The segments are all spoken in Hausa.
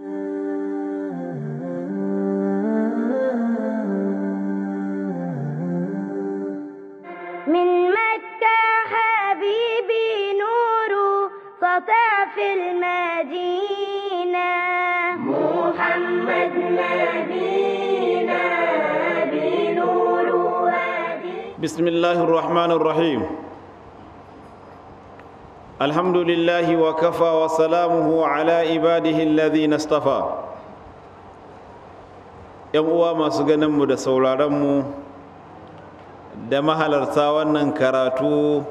من مكة حبيبي نوره سطع في المدينة محمد نبينا بنوره بسم الله الرحمن الرحيم الحمد لله وكفى وسلامه على عباده الذين اصطفى yan uwa masu ganinmu da sauraronmu da mahalarta wannan karatu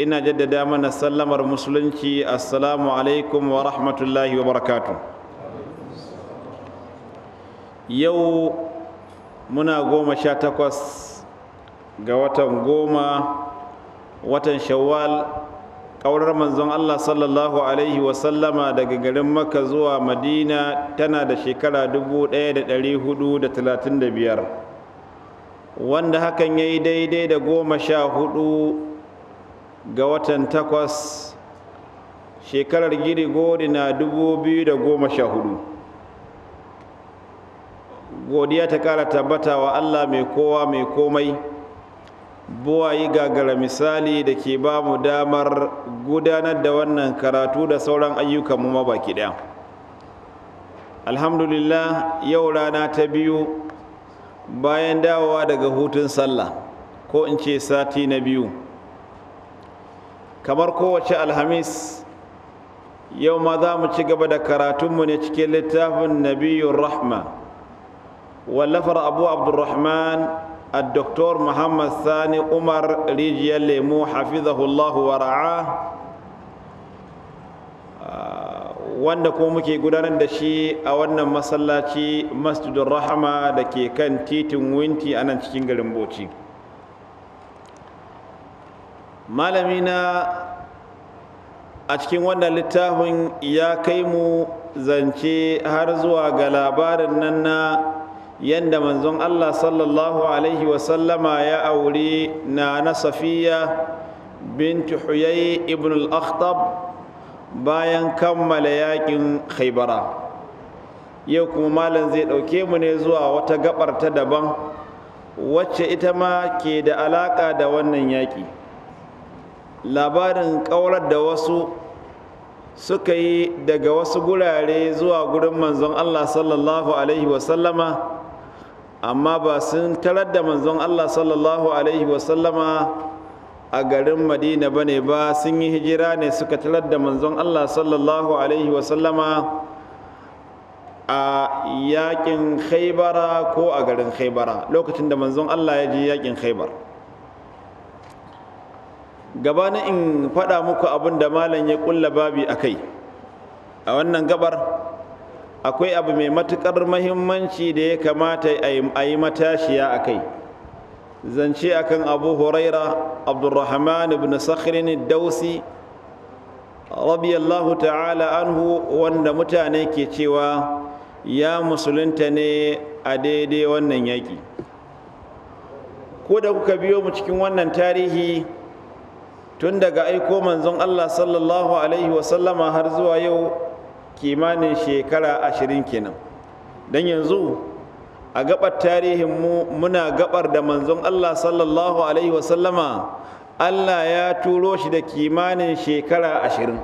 ina jaddada mana sallamar musulunci assalamu alaikum wa rahmatullahi wa barakatu yau muna goma sha takwas ga watan goma watan shawwal ƙaurar manzon Allah sallallahu alaihi wasallama daga garin maka zuwa Madina tana da shekara 1435 wanda hakan ya yi daidai da goma sha hudu ga watan takwas shekarar giri gori na 2014 godiya ta ƙara tabbata wa Allah mai kowa mai komai buwayi gagara misali da ke ba mu damar gudanar da wannan karatu da sauran ayyukan mu baki ɗaya alhamdulillah yau rana ta biyu bayan dawowa daga hutun sallah ko in ce sati na biyu kamar kowace alhamis yau ma za mu ci gaba da karatunmu ne cikin littafin nabiyun rahma wallafar abu abdulrahman الدكتور محمد ثاني عمر ريجيا ليمو حفظه الله ورعاه wanda kuma muke gudanar da shi a wannan masallaci masjidun rahama da ke kan titin winti a nan cikin garin bauchi malamina a cikin wannan littafin ya kai mu zance har zuwa ga labarin nan na yanda manzon Allah sallallahu alaihi wasallama ya auri na na safiya bintu huyai ibn al-akhtab bayan kammala yakin khaibara yau kuma malam zai ɗauke mu ne zuwa wata gabar ta daban wacce ita ma ke da alaƙa da wannan yaƙi labarin ƙaurar da wasu suka yi daga wasu gurare zuwa gurin manzon Allah sallallahu alaihi wasallama amma ba sun tarar da manzon Allah sallallahu alaihi wasallama a garin madina ne ba sun yi hijira ne suka tarar da manzon Allah sallallahu alaihi wasallama a yakin khaibara ko a garin khaibara lokacin da manzon Allah ya je yakin khaibar gabanin in faɗa muku abin da malam ya ƙulla babi a kai a wannan gabar akwai abu mai matuƙar mahimmanci da ya kamata a yi matashiya a kai zance akan abu huraira abdurrahman ibn sakhirin dausi rabiyallahu ta'ala anhu wanda mutane ke cewa ya musulunta ne a daidai wannan yaƙi ko da kuka biyo mu cikin wannan tarihi tun daga aiko manzon allah sallallahu alaihi wasallama har zuwa yau kimanin shekara ashirin kenan don yanzu a gabar tarihin mu muna gabar da manzon Allah sallallahu alaihi wasallama Allah ya turo shi da kimanin shekara ashirin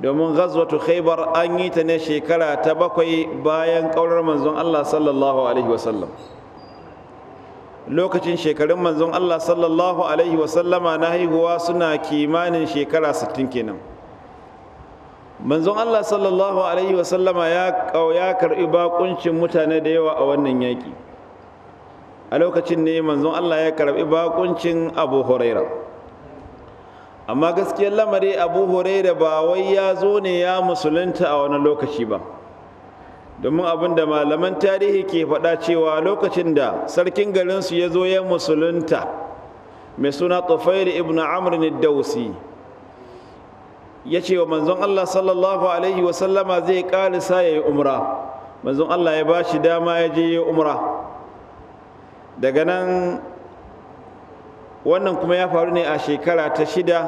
domin ghazwatu khaybar an yi ta ne shekara ta bakwai bayan ƙaurar manzon Allah sallallahu alaihi wasallam lokacin shekarun manzon Allah sallallahu alaihi wasallama na haihuwa suna kimanin shekara sittin kenan manzon Allah sallallahu alaihi wasallama ya karɓi bakuncin mutane da yawa a wannan yaƙi a lokacin ne manzon Allah ya karɓi bakuncin abu huraira amma gaskiyar lamari abu huraira ba wai ya zo ne ya musulunta a wani lokaci ba domin abin da malaman tarihi ke faɗa cewa lokacin da sarkin garinsu ya zo ya musulunta mai suna Ibnu ibn amr dausi ya ce wa manzon Allah sallallahu alaihi wasallama zai ƙarisa ya yi umra manzon Allah ya ba shi dama ya je ya yi umra daga nan wannan kuma ya faru ne a shekara ta shida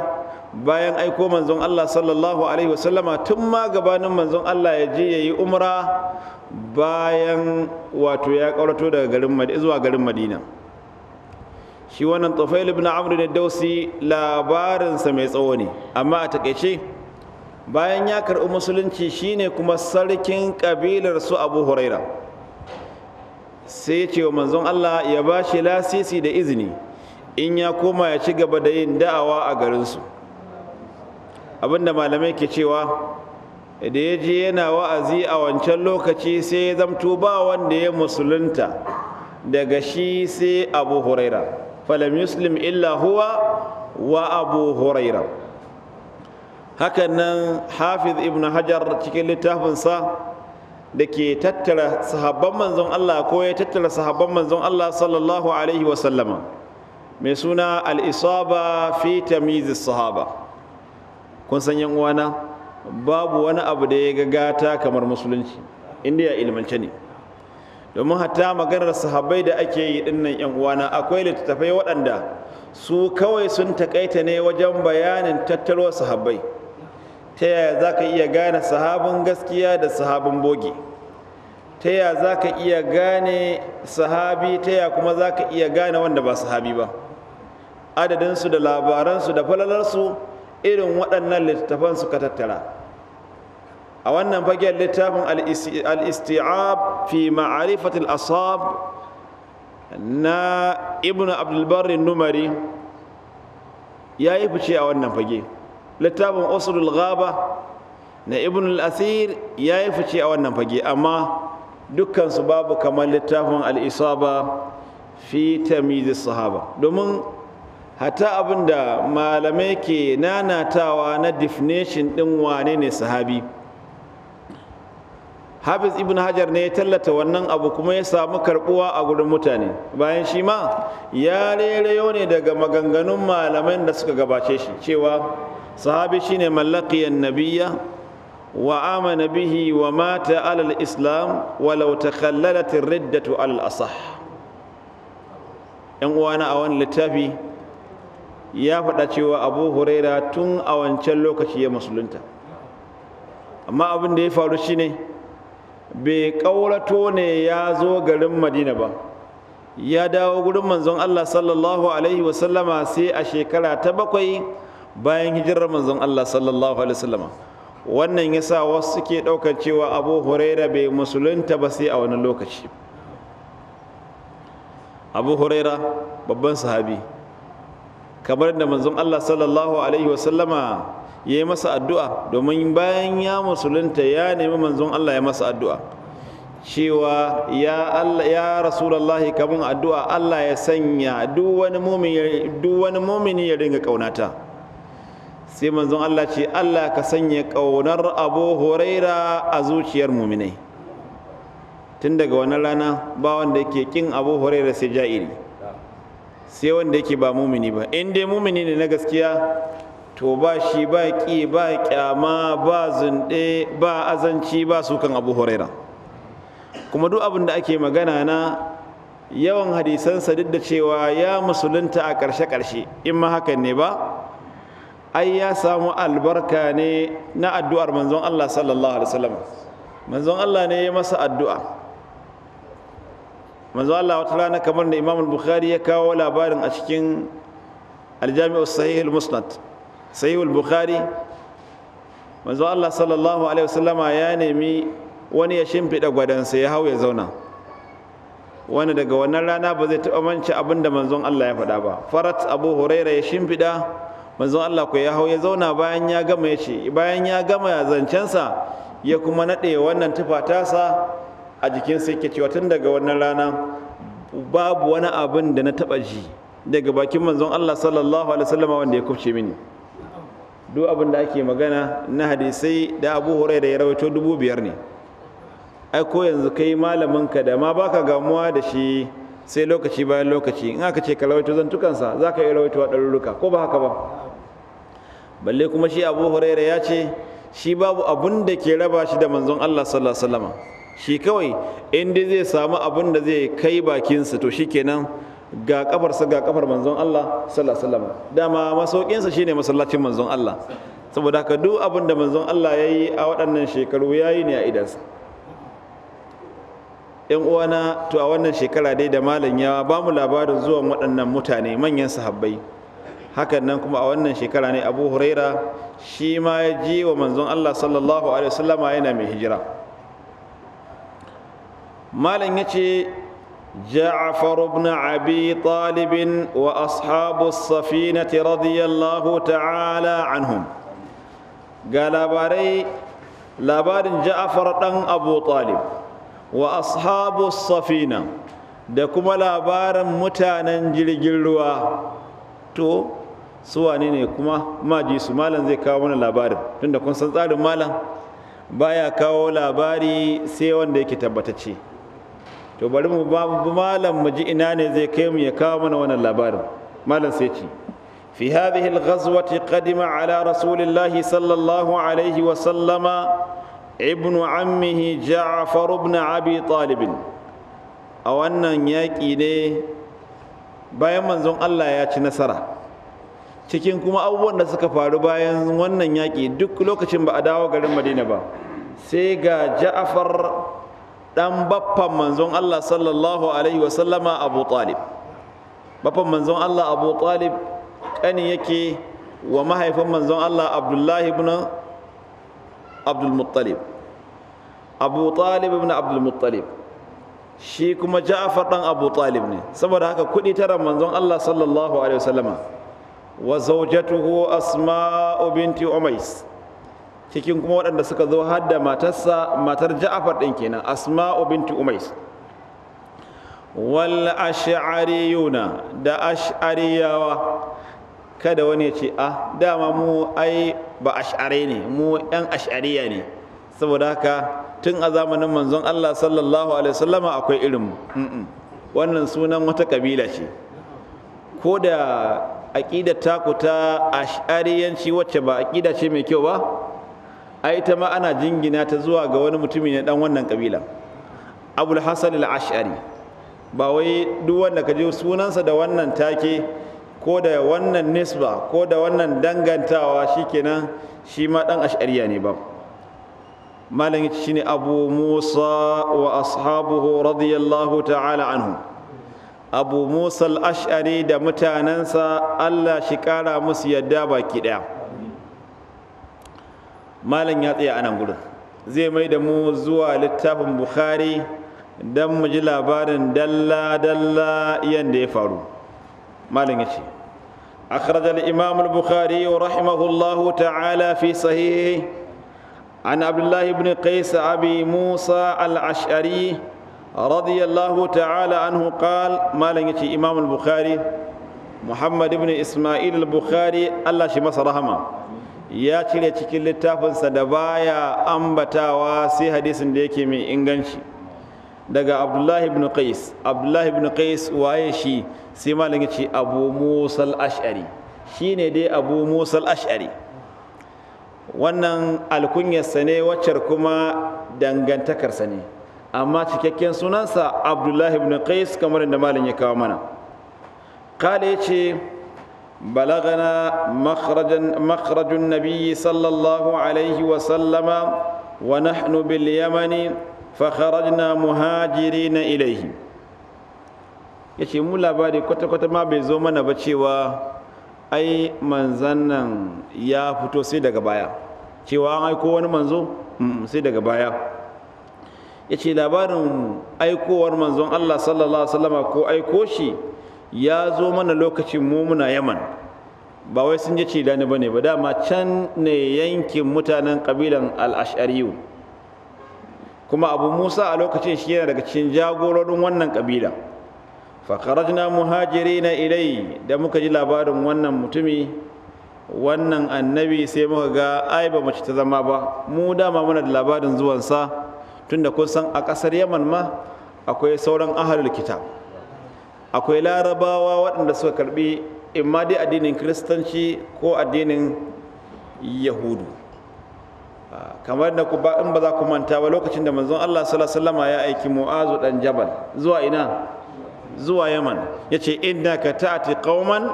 bayan aiko manzon Allah sallallahu alaihi wasallama tun ma gabanin manzon Allah ya je ya yi umra bayan wato ya ƙaurato daga garin zuwa garin madina shi wannan tufail ibn amr ne dausi labarinsa mai tsawo ne amma a takaice bayan ya karɓi musulunci shi ne kuma sarkin kabilar su abu huraira sai ce wa manzon allah ya ba shi lasisi da izini in ya koma ya ci gaba da yin da'awa a garinsu abinda malamai ke cewa da ya je yana wa'azi a wancan lokaci sai ya zamto ba wanda ya musulunta daga shi sai abu huraira falam yuslim illa huwa wa abu huraira hakan nan hafiz ibn hajar cikin littafinsa da ke tattara sahabban manzon Allah ko ya tattara sahabban manzon Allah sallallahu alaihi wa sallama mai suna al-isaba fi tamyiz sahaba kun san yan uwana babu wani abu da ya gagata kamar musulunci inda ya ilmance ne domin hatta maganar sahabbai da ake yi dinnan yan uwana akwai littattafai waɗanda su kawai sun takaita ne wajen bayanin tattaro sahabbai ta yaya za ka iya gane sahabin gaskiya da sahabin bogi ta yaya za ka iya gane sahabi ta yaya kuma za ka iya gane wanda ba sahabi ba adadinsu da labaransu da falalarsu irin waɗannan littattafan suka tattara a wannan fage littafin al-isti'ab fi ma'arifatul asab na Ibn abdulbarri numari ya yi fice a wannan fage littafin usulul Gaba na ibn al-asir ya yi fice a wannan fage amma dukansu babu kamar littafin al-isaba fi tamizis sahaba domin hata abinda malamai ke nanatawa na definition din wane ne sahabi hafiz ibn hajar ne ya tallata wannan abu kuma ya samu karbuwa a gurin mutane bayan shi ma ya rerayo ne daga maganganun malaman da suka gabace shi cewa sahabi shine mallaqiyan nabiyya wa amana bihi wa mata alal islam walau takhallalat riddatu al asah yan uwana a wani littafi ya faɗa cewa abu huraira tun a wancan lokaci ya musulunta amma abin da ya faru shine ne bai ƙaurato ne ya zo garin madina ba ya dawo gurin manzon allah sallallahu alaihi wasallama sai a shekara ta bakwai bayan hijirar manzon allah sallallahu alaihi wasallama wannan ya sa wasu suke ɗaukar cewa abu huraira bai musulunta ba sai a wani lokaci abu huraira babban sahabi kamar da manzon allah sallallahu alaihi wasallama ya yi masa addu'a domin bayan ya musulunta ya nemi manzon Allah ya masa addu'a cewa ya Allah ya kamun addu'a Allah ya sanya duwani wani mumini ya ringa ƙaunata. sai manzon Allah ce Allah ka sanya ƙaunar Abu horaira a zuciyar muminai tun daga wani rana ba wanda ke kin Abu Huraira sai ja'iri sai wanda yake ba mumini ba in dai mumini ne na gaskiya to ba shi ba ƙi ba ƙyama ba zunɗe ba azanci ba sukan abu huraira kuma duk abin da ake magana na yawan hadisansa duk da cewa ya musulunta a ƙarshe-ƙarshe in ma hakan ne ba ai ya samu albarka ne na addu'ar manzon Allah sallallahu alaihi wasallam manzon Allah ne ya masa addu'a manzon Allah wata rana kamar da Imam Bukhari ya kawo labarin a cikin Al-Jami'u Sahih Al-Musnad sahihul bukhari manzo Allah sallallahu alaihi wasallama ya nemi wani ya shimfiɗa gwadansa ya hau ya zauna wani daga wannan rana ba zai taba manci abin da manzon Allah ya faɗa ba farat abu huraira ya shimfiɗa manzon Allah ku ya hau ya zauna bayan ya gama ya ce bayan ya gama ya zancensa ya kuma naɗe wannan tufata sa a jikinsa yake cewa tun daga wannan rana babu wani abin da na taɓa ji daga bakin manzon Allah sallallahu alaihi wasallam wanda ya kufce mini duk abin da ake magana na hadisai da abu huraira ya rawaito dubu biyar ne ai ko yanzu kai malaminka da ma baka gamuwa da shi sai lokaci bayan lokaci in aka ce ka rawato zantukansa za ka iya a ɗarurruka ko ba haka ba balle kuma shi abu huraira ya ce shi babu abun da ke raba shi da manzon allah sallallahu alaihi wasallam shi kawai in dai zai samu abun da zai kai bakinsa to shikenan ga kafarsa ga kafar manzon Allah sallallahu alaihi wasallam dama sa shine masallacin manzon Allah saboda ka duk abin da manzon Allah yayi yi a waɗannan shekaru ya ne a idansa ‘yan uwana to a wannan shekara dai da malam ya ba mu labarin zuwan waɗannan mutane manyan sahabbai hakan nan kuma a wannan shekara ne abu huraira shi ma ya ji wa manzon Allah sallallahu alaihi wasallama yana mai hijira malam ya ce جعفر بن أبي طالب وأصحاب السفينة رضي الله تعالى عنهم قال باري لابار جعفر بن أبو طالب وأصحاب السفينة دكما لابار متانا جلجلوا تو suwane نيني كما ما جيسو مالا زي كاونا لابار labarin سنتعلم مالا بايا كاو لاباري سيوان kawo labari sai to bari mu ba malam mu ji ina ne zai kai mu ya kawo mana wannan labarin malam sai ce fi hadhihi al-ghazwati qadima ala rasulillahi sallallahu alaihi wa sallama ibn ammihi ja'far ibn abi talib a wannan yaƙi ne bayan manzon Allah ya ci nasara cikin kuma abubuwan da suka faru bayan wannan yaƙi duk lokacin ba a dawo garin madina ba sai ga ja'far Ɗan baffan manzon Allah sallallahu alaihi wasallama Abu Talib baffan manzon Allah Abu Talib kani yake wa mahaifin manzon Allah Abdullahi ibn Abdul Muttalib Abu Talib ibn Abdul Muttalib shi kuma ja'afar ɗan Abu Talib ne saboda haka kuɗi tara manzon Allah sallallahu alaihi wasallama wa zawjatuhu Asma'u binti Umais cikin kuma waɗanda suka zo har da matarsa matar ja'afar ɗin kenan asma'u binti umais wal ash'ariyuna da ash'ariyawa kada wani ya ce a ah, dama mu ai ba ash'are ne mu yan ash'ariya ne saboda haka tun a zamanin manzon Allah sallallahu alaihi wasallama akwai irin wannan sunan wata kabila ce ko da aƙidar taku ta ash'ariyanci wacce ba aƙida ce mai kyau ba ai ita ma ana jingina ta zuwa ga wani mutumi ne dan wannan kabila abul hasan al-ash'ari ba wai duk wanda ka ji sunansa da wannan take ko da wannan nisba ko da wannan dangantawa shikenan shi ma dan ash'ariya ne ba malam shine abu musa wa ashabuhu radiyallahu ta'ala anhu abu musa al-ash'ari da mutanansa Allah shi kara musu yadda baki daya malam ya tsaya a nan zai mai da mu zuwa littafin bukhari don mu ji labarin dalla-dalla yadda ya faru malam ya ce a imam bukhari wa ta'ala fi sahihi an abdullahi ibn qais abi musa al-ash'ari radiyallahu ta'ala anhu qal malam yace imam bukhari muhammad ibn isma'il bukhari allah shi masa rahma. ya cire cikin littafinsa da baya ambatawa sai hadisin da yake mai inganci daga abdullahi ibn qais abdullahi ibn qais waye shi sai malam yace abu musa ashari shine dai abu musa ashari wannan alkunyarsa ne waccar kuma dangantakarsa ne amma cikakken sunansa abdullahi ibn qais kamar da malam ya kawo mana kale yace ce بلغنا مخرج مخرج النبي صلى الله عليه وسلم ونحن باليمن فخرجنا مهاجرين إليه yace mu labari kwata-kwata ma bai zo mana ba cewa ai manzan nan ya fito sai daga baya cewa an aiko wani manzo sai daga baya yace labarin aikowar manzon Allah sallallahu alaihi wasallama ko aiko shi ya zo mana lokacin mu muna yaman ba wai sun je cidani ba ne ba dama can ne yankin mutanen ƙabilan al'ashariyu kuma abu musa a lokacin shi yana daga cikin jagororin wannan ƙabila fakarajna muhajiri na ilai da muka ji labarin wannan mutumi wannan annabi sai muka ga ai ba mace ta zama ba mu dama muna da labarin zuwansa tunda kun san a ƙasar yaman ma akwai sauran ahalul kitab akwai larabawa waɗanda suka karbi imma dai addinin kiristanci ko addinin yahudu ah, kamar da in ba za ku manta ba lokacin da manzon Allah sallallahu ya aiki mu'azu dan jabal zuwa ina zuwa yaman yace innaka ta'ti qauman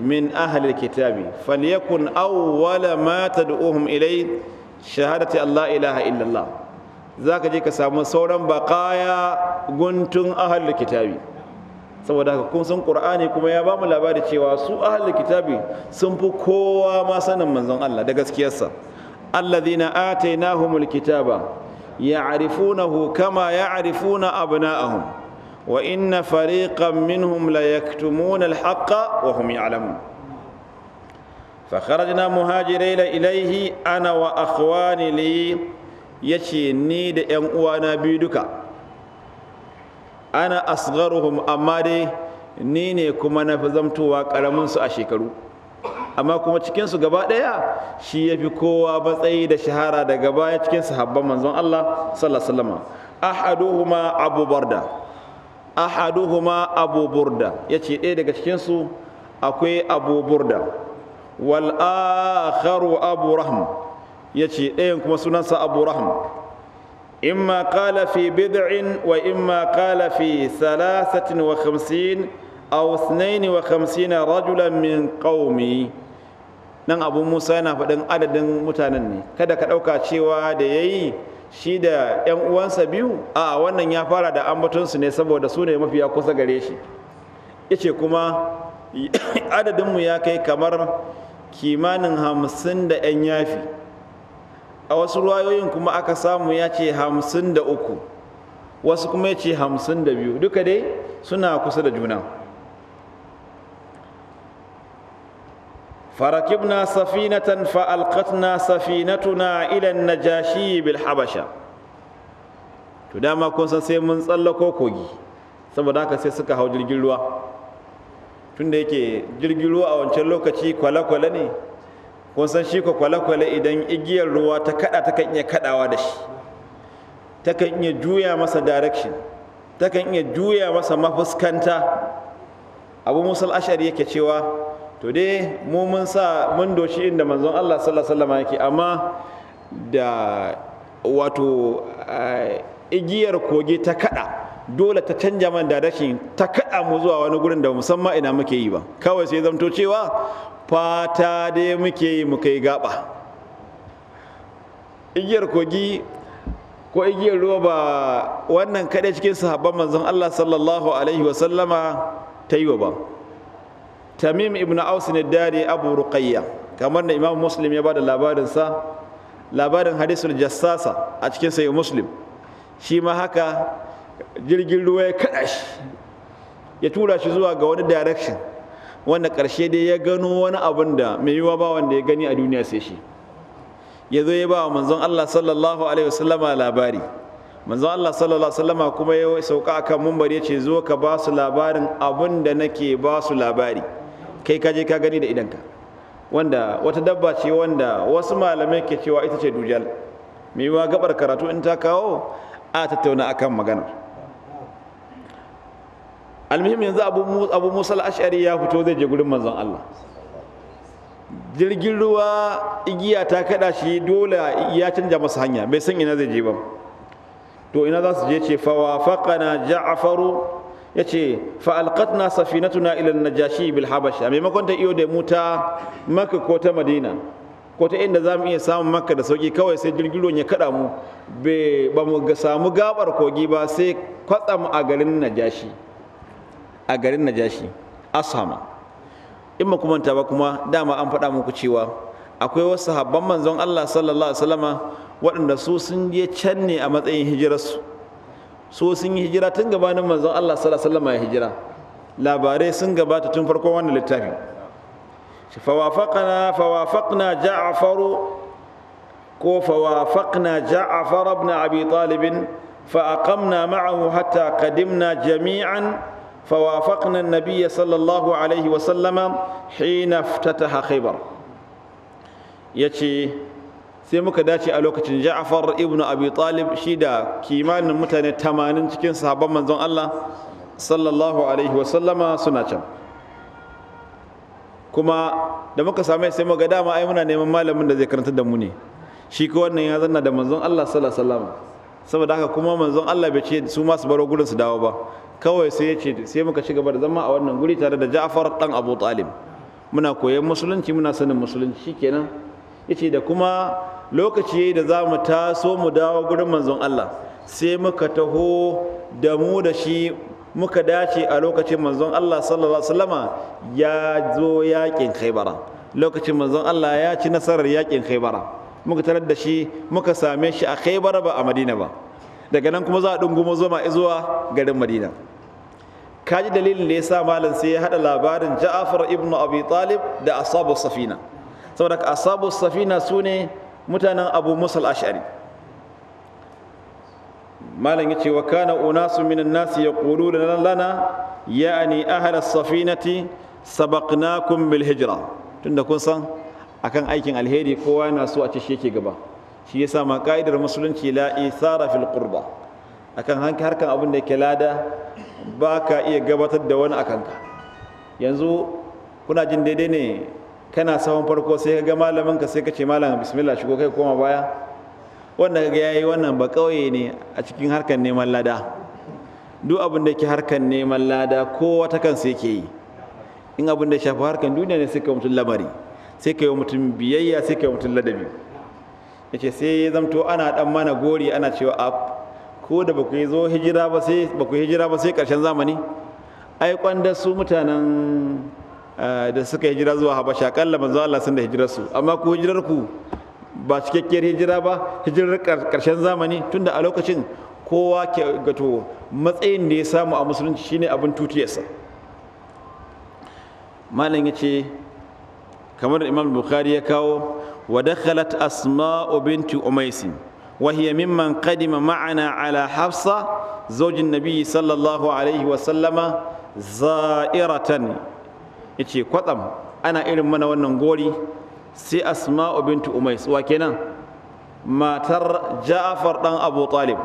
min ahli alkitabi falyakun awwala ma tad'uhum ilay shahadati Allah ilaha illallah zaka je ka samu sauran baqaya guntun ahli alkitabi saboda haka kun san qur'ani kuma ya bamu labari cewa su ahlul kitabi sun fi kowa ma sanin manzon Allah da gaskiyarsa alladhina atainahumul kitaba ya'rifunahu kama ya'rifuna abna'ahum wa inna fariqan minhum la yaktumuna al-haqqa wa hum ya'lamun fakharajna muhajirin ilayhi ana wa akhwani li yace ni da yan uwana biyu duka ana asgharuhum amma dai ni ne kuma na fi zamtowa karamin su a shekaru amma kuma cikin su gaba daya shi yafi kowa matsayi da shahara daga baya cikin sahabban manzon Allah sallallahu alaihi wasallam ahaduhuma abu barda ahaduhuma abu burda yace ɗaya daga cikin su akwai abu burda wal akharu abu rahm yace ɗayan kuma sunansa abu rahm إما قال في بضع وإما قال في ثلاثة وخمسين أو اثنين وخمسين رجلا من قومي nan abu musa yana faɗin adadin mutanen ne kada ka ɗauka cewa da ya yi shi da 'yan uwansa biyu A'a wannan ya fara da ambatonsu ne saboda su ne mafiya kusa gare shi ya ce kuma adadinmu ya kai kamar kimanin hamsin da 'yan yafi a wasu ruwayoyin kuma aka samu ya ce hamsin da uku wasu kuma ya ce hamsin da biyu duka dai suna kusa da juna farakibna safinatan fa'alƙatna safinatuna ilan najashi bil habasha to dama kun san sai mun tsallako kogi saboda haka sai suka hau jirgin ruwa tunda yake jirgin ruwa a wancan lokaci kwale-kwale ne kun san shi kwale-kwale idan igiyar ruwa ta kada ta kan iya kadawa da shi ta kan iya juya masa direction ta kan iya juya masa mafuskanta abu musul ashari yake cewa to dai mu mun sa mun doshi inda manzon Allah sallallahu alaihi yake amma da wato eh, igiyar kogi ta kada dole ta canja man direction ta kaɗa mu zuwa wani gurin da musamman ina muke yi ba kawai sai zamto cewa fata dai muke yi mu kai gaba igiyar kogi ko igiyar ruwa ba wannan kaɗai cikin sahabban manzon Allah sallallahu alaihi wasallama ta yi wa ba tamim ibn aus ne dare abu ruqayya kamar da imam muslim ya bada labarinsa labarin hadisul jassasa a cikin sayi muslim shi ma haka jirgin ruwa ya kaɗa shi ya tura shi zuwa ga wani direction wanda ƙarshe dai ya gano wani abin da mai yiwa ba wanda ya gani a duniya sai shi ya zo ya ba wa manzon Allah sallallahu alaihi wasallama labari manzon Allah sallallahu alaihi wasallama kuma ya sauka akan mumbar ya ce zo ka ba su labarin abin da nake ba su labari kai ka je ka gani da idanka wanda wata dabba ce wanda wasu malamai ke cewa ita ce dujal mai yiwa gabar karatu in ta kawo a tattauna akan maganar almuhim yanzu abu musa al'ashari ya fito zai je gurin manzon Allah jirgin ruwa igiya ta kada shi dole ya canja masa hanya bai san ina zai je ba to ina za su je ce fawafaqana ja'faru yace fa alqatna safinatuna ila najashi bil habasha maimakon ta iyo da mu ta makka ko ta madina ko ta inda zamu iya samun maka da sauki kawai sai jirgin ruwan ya kada mu ba mu samu gabar kogi ba sai kwatsam a garin najashi a garin najashi ashama in ba kuma ba kuma dama an faɗa muku cewa akwai wasu habban manzon Allah sallallahu alaihi wasallama waɗanda su sun je can ne a matsayin hijirarsu su sun yi hijira tun gabanin manzon Allah sallallahu alaihi wasallama ya hijira labarai sun gabata tun farkon wannan littafin فوافقنا فوافقنا جعفر ko فوافقنا جعفر ابن أبي طالب فأقمنا معه حتى قدمنا jami'an. فوافقنا النبي صلى الله عليه وسلم حين افتتح خيبر يتي sai muka dace a lokacin Ja'far ibn Abi Talib shi da kimanin mutane 80 cikin sahabban manzon Allah sallallahu alaihi wasallama suna can kuma da muka same sai muka dama ai muna neman malamin da zai karanta da mu ne shi ko wannan ya zanna da manzon Allah sallallahu alaihi wasallama saboda haka kuma manzon Allah bai ce su ma su baro gurin su dawo ba kawai sai ya ce sai muka ci gaba da zama a wannan guri tare da Ja'far dan Abu Talib muna koyon musulunci muna sanin musulunci shikenan ce da kuma lokaci yi da za mu taso mu dawo gurin manzon Allah sai muka taho da mu da shi muka dace a lokacin manzon Allah sallallahu alaihi wasallama ya zo yakin Khaibara lokacin manzon Allah ya ci nasarar yakin Khaibara muka tarar da shi muka same shi a Khaibara ba a Madina ba daga nan kuma za a dungumo zoma zuwa garin madina kaji dalilin da ya sa malam sai ya hada labarin ja'afar ibn abi talib da asabu safina saboda asabu safina su ne mutanen abu musal ash'ari malam ce wa kana unasu minan nasi yaquluna lana ya'ni ahla as-safinati sabaqnakum bil hijra tunda kun san akan aikin alheri kowa yana so a ce shi yake gaba shi yasa ma ka'idar musulunci la isara fil qurba akan hanka harkan abin da yake lada ba ka iya gabatar da wani a kanka. yanzu kuna jin daidai ne kana sahun farko sai ka ga malamin ka sai ka ce malam bismillah shigo kai koma baya wanda ya yayi wannan ba kauye ne a cikin harkan neman lada duk abin da yake harkan neman lada kowa ta kansa yake yi in abin da shafi harkan duniya ne sai ka mutum lamari sai ka yi mutum biyayya sai ka yi mutum ladabi yace sai ya zamto ana dan mana gori ana cewa a ko da baku zo hijira ba sai baku karshen zamani ai kwanda su mutanen eh, da suka hijira zuwa Habasha kalla manzo Allah sun da hijirar su amma ku hijirar ku ba cikakkiyar hijira ba hijirar karshen zamani tunda a lokacin kowa ke gato matsayin da ya samu a musulunci shine abin tutiyarsa malam ya ce kamar imam bukhari ya kawo ودخلت أسماء بنت أميس وهي ممن قدم معنا على حفصة زوج النبي صلى الله عليه وسلم زائرة يتي قطم أنا إلم من وننقولي سي أسماء بنت أميس وكنا ما تر جعفر بن أبو طالب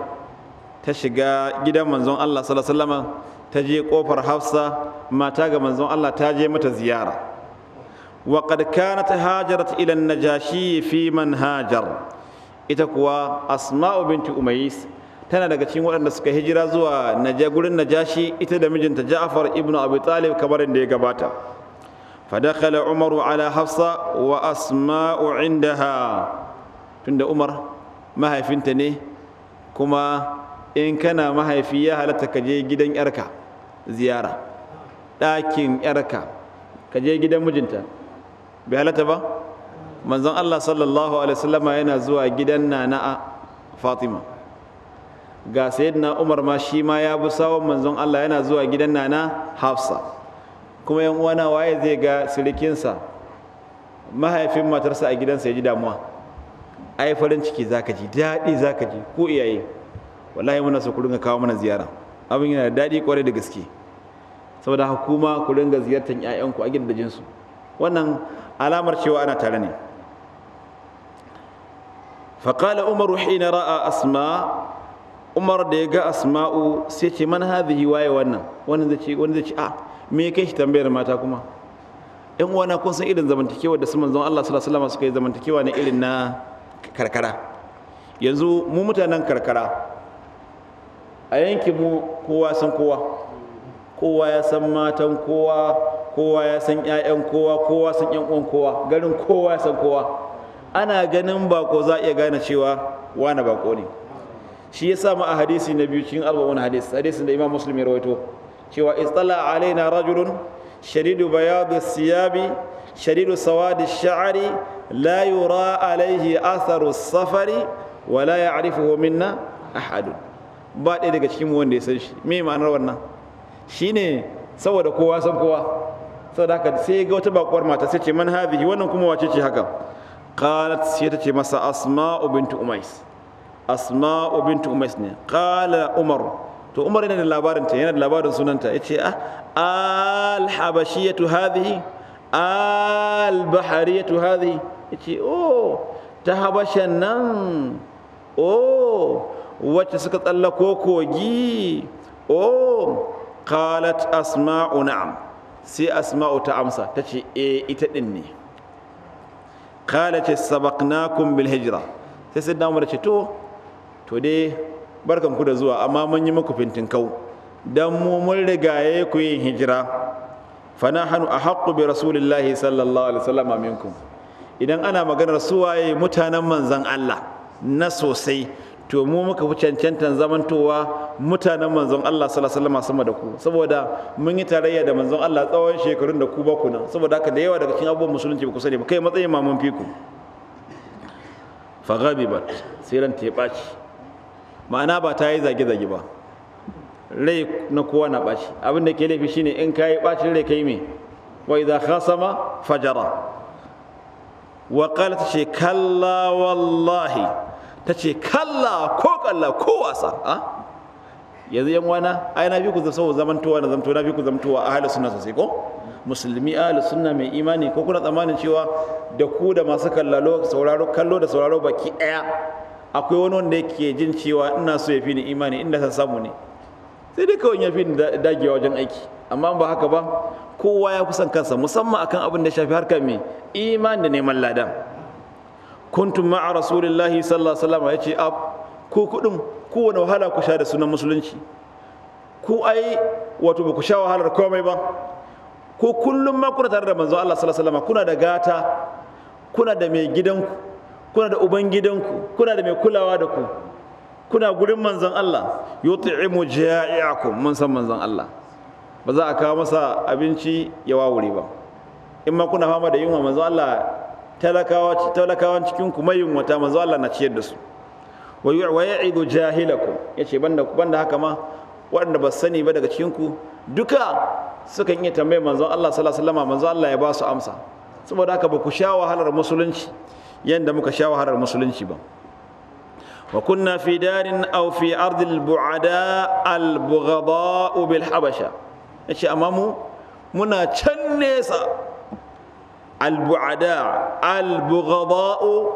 تشجع جدا منزون الله صلى الله عليه وسلم تجي قوفر حفصة ما تاج منزون الله تاجي متزيارة وقد كانت هاجرت إلى النجاشي في من هاجر إتكوا أسماء بنت أميس tana daga cikin waɗanda suka hijira zuwa gurin najashi ita da mijinta ja'far ibn abi talib kamar da ya gabata fadakhala umaru ala hafsa wa asma'u indaha tunda umar mahaifinta ne kuma in kana mahaifi ya halatta ka je gidan yarka ziyara ɗakin yarka ka je gidan mijinta bai halatta ba manzon Allah sallallahu alaihi sallama yana zuwa gidan nana Fatima ga sayyidina Umar ma shi ma ya bi sawon manzon Allah yana zuwa gidan nana Hafsa kuma yan uwana waye zai ga sirikinsa mahaifin matarsa a gidansa ya ji damuwa yi farin ciki za ka ji daɗi za ka ji ko iyaye wallahi muna so ku dinga kawo mana ziyara abin yana da daɗi kwarai da gaske saboda hukuma ku ringa ziyartar 'ya'yanku a gidajensu wannan alamar cewa ana tare ne faƙala umaru hina ra'a asma umar da ya ga asma'u sai ce man hadhihi waye wannan wannan zai ce wannan zai ce a me kai shi tambayar mata kuma ɗan uwana kun san irin zamantakewa da su manzon Allah sallallahu alaihi wasallam suka yi zamantakewa ne irin na karkara yanzu mu mutanen karkara a yankin mu kowa san kowa kowa ya san matan kowa kowa ya san 'ya'yan kowa kowa san 'yan uwan kowa garin kowa ya san kowa ana ganin bako za a iya gane cewa wani bako ne shi ya sa ma a hadisi na biyu cikin arba'un hadis hadisin da imam muslim ya rawaito cewa istala alaina rajulun shadidu bayadu siyabi shadidu sawadi sha'ari la yura alaihi atharu safari Wala ya'rifuhu minna ahadun ba ɗaya daga cikin wanda ya san shi me ma'anar wannan shine saboda kowa san kowa saboda haka sai ga wata bakuwar mata sai ce man hadhihi wannan kuma wace ce haka qalat sai ta ce masa asma'u bint umais asma'u bint umais ne qala umar to umar yana da labarin ta yana da labarin sunanta yace ah al habashiyatu hadhihi al bahariyatu hadhihi yace oh ta habashan nan oh wacce suka tsallako kogi oh qalat asma'u na'am sai asma'u ta amsa ta ce e ita din ne qala ce sabaqnakum bil hijra sai sai da ce to to dai barkan ku da zuwa amma mun yi muku fintin kau dan mu mun rigaye ku yin hijira fa nahnu ahaqqu bi rasulillahi sallallahu alaihi wasallam minkum idan ana maganar suwaye mutanen manzon Allah na sosai to mu muka fi cancantan zamantowa mutanen manzon Allah sallallahu sama da ku saboda mun yi tarayya da manzon Allah tsawon shekarun da ku ba ku nan saboda haka da yawa daga cikin abubuwan musulunci ba ku sani ba kai matsayin mamun fiku fa sai siran ta baci ma'ana ba ta yi zage zage ba rai na kowa na baci abin da ke laifi shine in kai bacin rai kai me wa idza khasama fajara wa qalat shi kalla wallahi ta ce kalla ko kalla ko wasa ah? yanzu yan wana ai na fi ku saboda zamantowa na zamto na fi ku zamtowa a halin sunna sosai ko musulmi halin sunna mai imani ko kuna tsammanin cewa da ku da masu kallalo sauraro kallo da sauraro baki ɗaya. akwai wani wanda yake jin cewa ina so ya fi ni imani inda ta samu ne sai dai kawai ya fi ni dagewa wajen aiki amma ba haka ba kowa ya kusan kansa musamman akan abin da shafi harkar mai imani da neman ladan kuntum ma'a rasulillahi sallallahu alaihi wasallam yace ab ku kudin ku wani wahala ku sha da sunan musulunci ku ai wato ba ku sha wahalar komai ba ku kullum ma kuna tare da manzo Allah sallallahu alaihi wasallam kuna da gata kuna da mai gidanku kuna da uban gidanku kuna da mai kulawa da ku kuna gurin manzon Allah yuti'imu ja'i'akum mun san manzon Allah ba za a kawo masa abinci ya wawure ba in ma kuna fama da yunwa manzon Allah talakawan cikin ku mayunwata manzo Allah na ciyar da su wa ya'idu jahilakum yace banda banda haka ma waɗanda ba sani ba daga cikin ku duka sukan iya tambayar manzo Allah sallallahu alaihi wasallam manzo Allah ya ba su amsa saboda haka ba ku sha wahalar musulunci yanda muka sha wahalar musulunci ba wa kunna fi darin aw fi ardil bu'ada al bughada bil habasha yace amma mu muna can nesa albu'ada albughada'u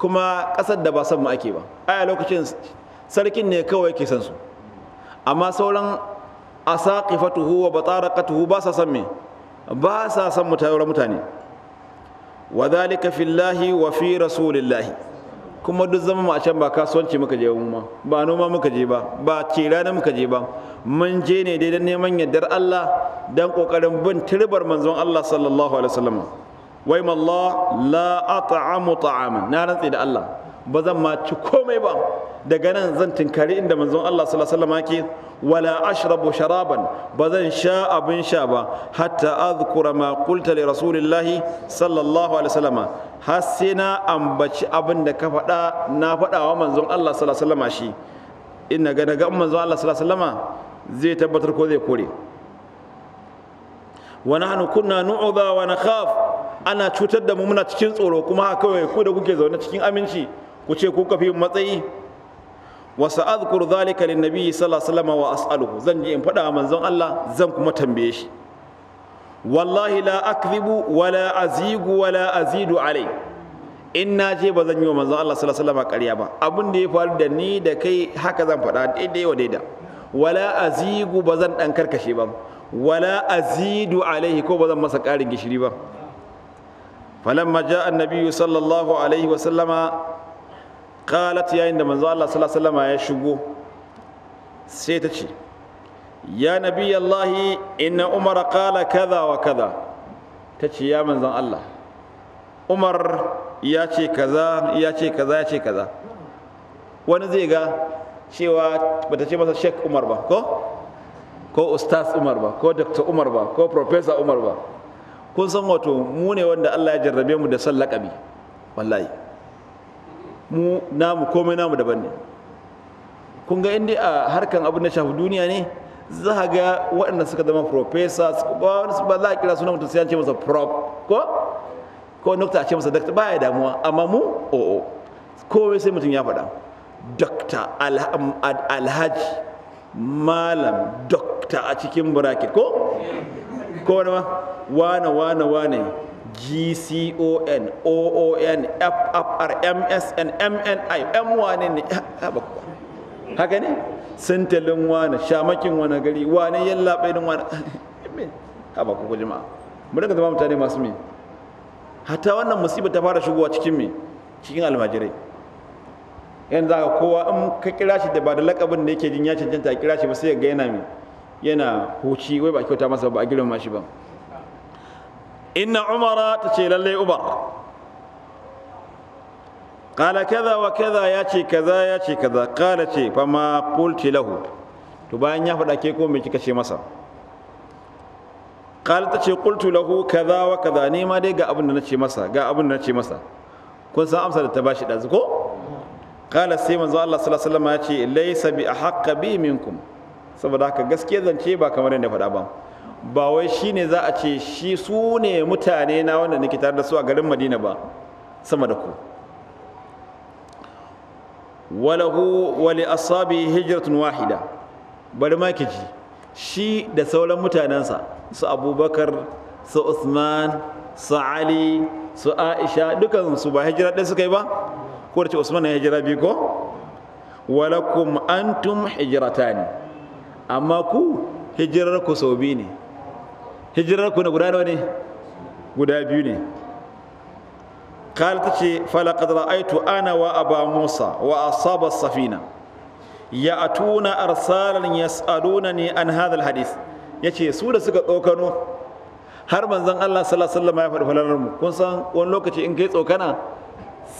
kuma ƙasar da ba san mu ake ba aya lokacin sarkin ne kawai ke san su amma sauran asaqifatuhu wa bataraqatuhu ba sa san me ba sa san mutayar mutane wa dhalika fillahi wa fi rasulillahi kuma duk zama a can ba kasuwanci muka je mu ba noma muka je ba ba cira na muka je ba mun je ne dai don neman yardar Allah don kokarin bin turbar manzon Allah sallallahu alaihi wasallam wai mallah la at'amu ta'aman na rantsi da Allah ba zan ma ci komai ba daga nan zan tinkari inda manzon Allah sallallahu alaihi wasallam wala ashrabu sharaban ba zan sha abin sha ba hatta azkura ma qulta li rasulillahi sallallahu alaihi wasallam har sai na ambaci abin da ka faɗa na faɗa wa manzon Allah sallallahu alaihi wasallam shi inna ga daga manzon Allah sallallahu alaihi wasallam zai tabbatar ko zai kore wa nahnu kunna nu'udha wa nakhaf ana cutar da mu muna cikin tsoro kuma kawai ku da kuke zaune cikin aminci ku ce ku kafi matsayi wa sa'adkur zalika lin-nabi sallallahu alaihi wasallam wa as'aluhu zan je in faɗa manzon Allah zan kuma tambaye shi wallahi la akdhibu wala azigu wala azidu alai in na je ba zan yi wa manzon Allah sallallahu alaihi wasallam ƙarya ba abin da ya faru da ni da kai haka zan faɗa daidai wa daida wala azigu ba zan dan karkashe ba wala azidu alaihi ko ba zan masa ƙarin gishiri ba falamma jaa annabi sallallahu alaihi wa sallama qalat yayin da manzo Allah sallallahu alaihi ya shigo sai ta ce ya Nabi'alahi Allah inna umar qala kaza wa kaza ta ce ya manzon Allah umar ya ce kaza ya ce kaza ya ce kaza wani zai ga cewa bata ce masa shek Umar ba ko ko Ustaz Umar ba ko Dr. Umar ba ko Professor Umar ba kun san wato mu ne wanda Allah ya jarrabe mu da san lakabi wallahi mu namu komai namu daban ne kun ga inda a harkan abin da shafi duniya ne za a ga waɗanda suka zama profesa ba za a kira sunan mutum sai an ce masa prof ko ko nukta a ce masa dakta ba ya damuwa amma mu o'o oh, oh. komai sai mutum ya faɗa dokta alhaji malam dokta a cikin bracket ko ko ma wane wane wane gcon oon ffr msn mni m wane ne haka ne sintalin wane shamakin wane gari wane yin labarin wane haba ku ku jama'a mu daga zama mutane masu mai. Hata wannan musibin ta fara shigowa cikin mai, cikin almajirai yanzu za kowa in ka kira shi da ba da lakabin da yake jin ya cancanta a kira shi ba sai ya ga yana me yana huci wai ba kyauta masa ba a girmama shi ba inna umara ta ce lallai uba. kala kaza wa kaza ya ce kaza ya ce kaza kala ce fa ma qulti lahu to bayan ya faɗa ke ko me kika ce masa kala ta ce qultu lahu kaza wa kaza ne ma dai ga abin da na ce masa ga abin da na ce masa kun san amsa da ta bashi ɗazu ko kala sai manzo Allah sallallahu alaihi wasallam ya ce laisa bi ahaqqa bi minkum saboda haka gaskiya zance ba kamar yadda faɗa ba ba wai shi ne za a ce shi su ne mutane na wanda nake tare da su a garin madina ba sama da ku walahu wali asabi hijratun wahida bari ma ki ji shi da sauran mutanensa su abubakar su usman su ali su aisha dukansu ba hijira ɗaya suka yi ba ko da ce usman na hijira biyu ko walakum antum hijratani amma ku hijirar ku sau biyu ne hijirar ku na guda nawa ne guda biyu ne ta ce falaqad ra'aytu ana wa aba musa wa Asabar safina ya ya'tuna arsalan ne an hadis Ya ce su da suka tsokano har manzan Allah sallallahu ya faɗi falalar kun san wani lokaci in kai tsokana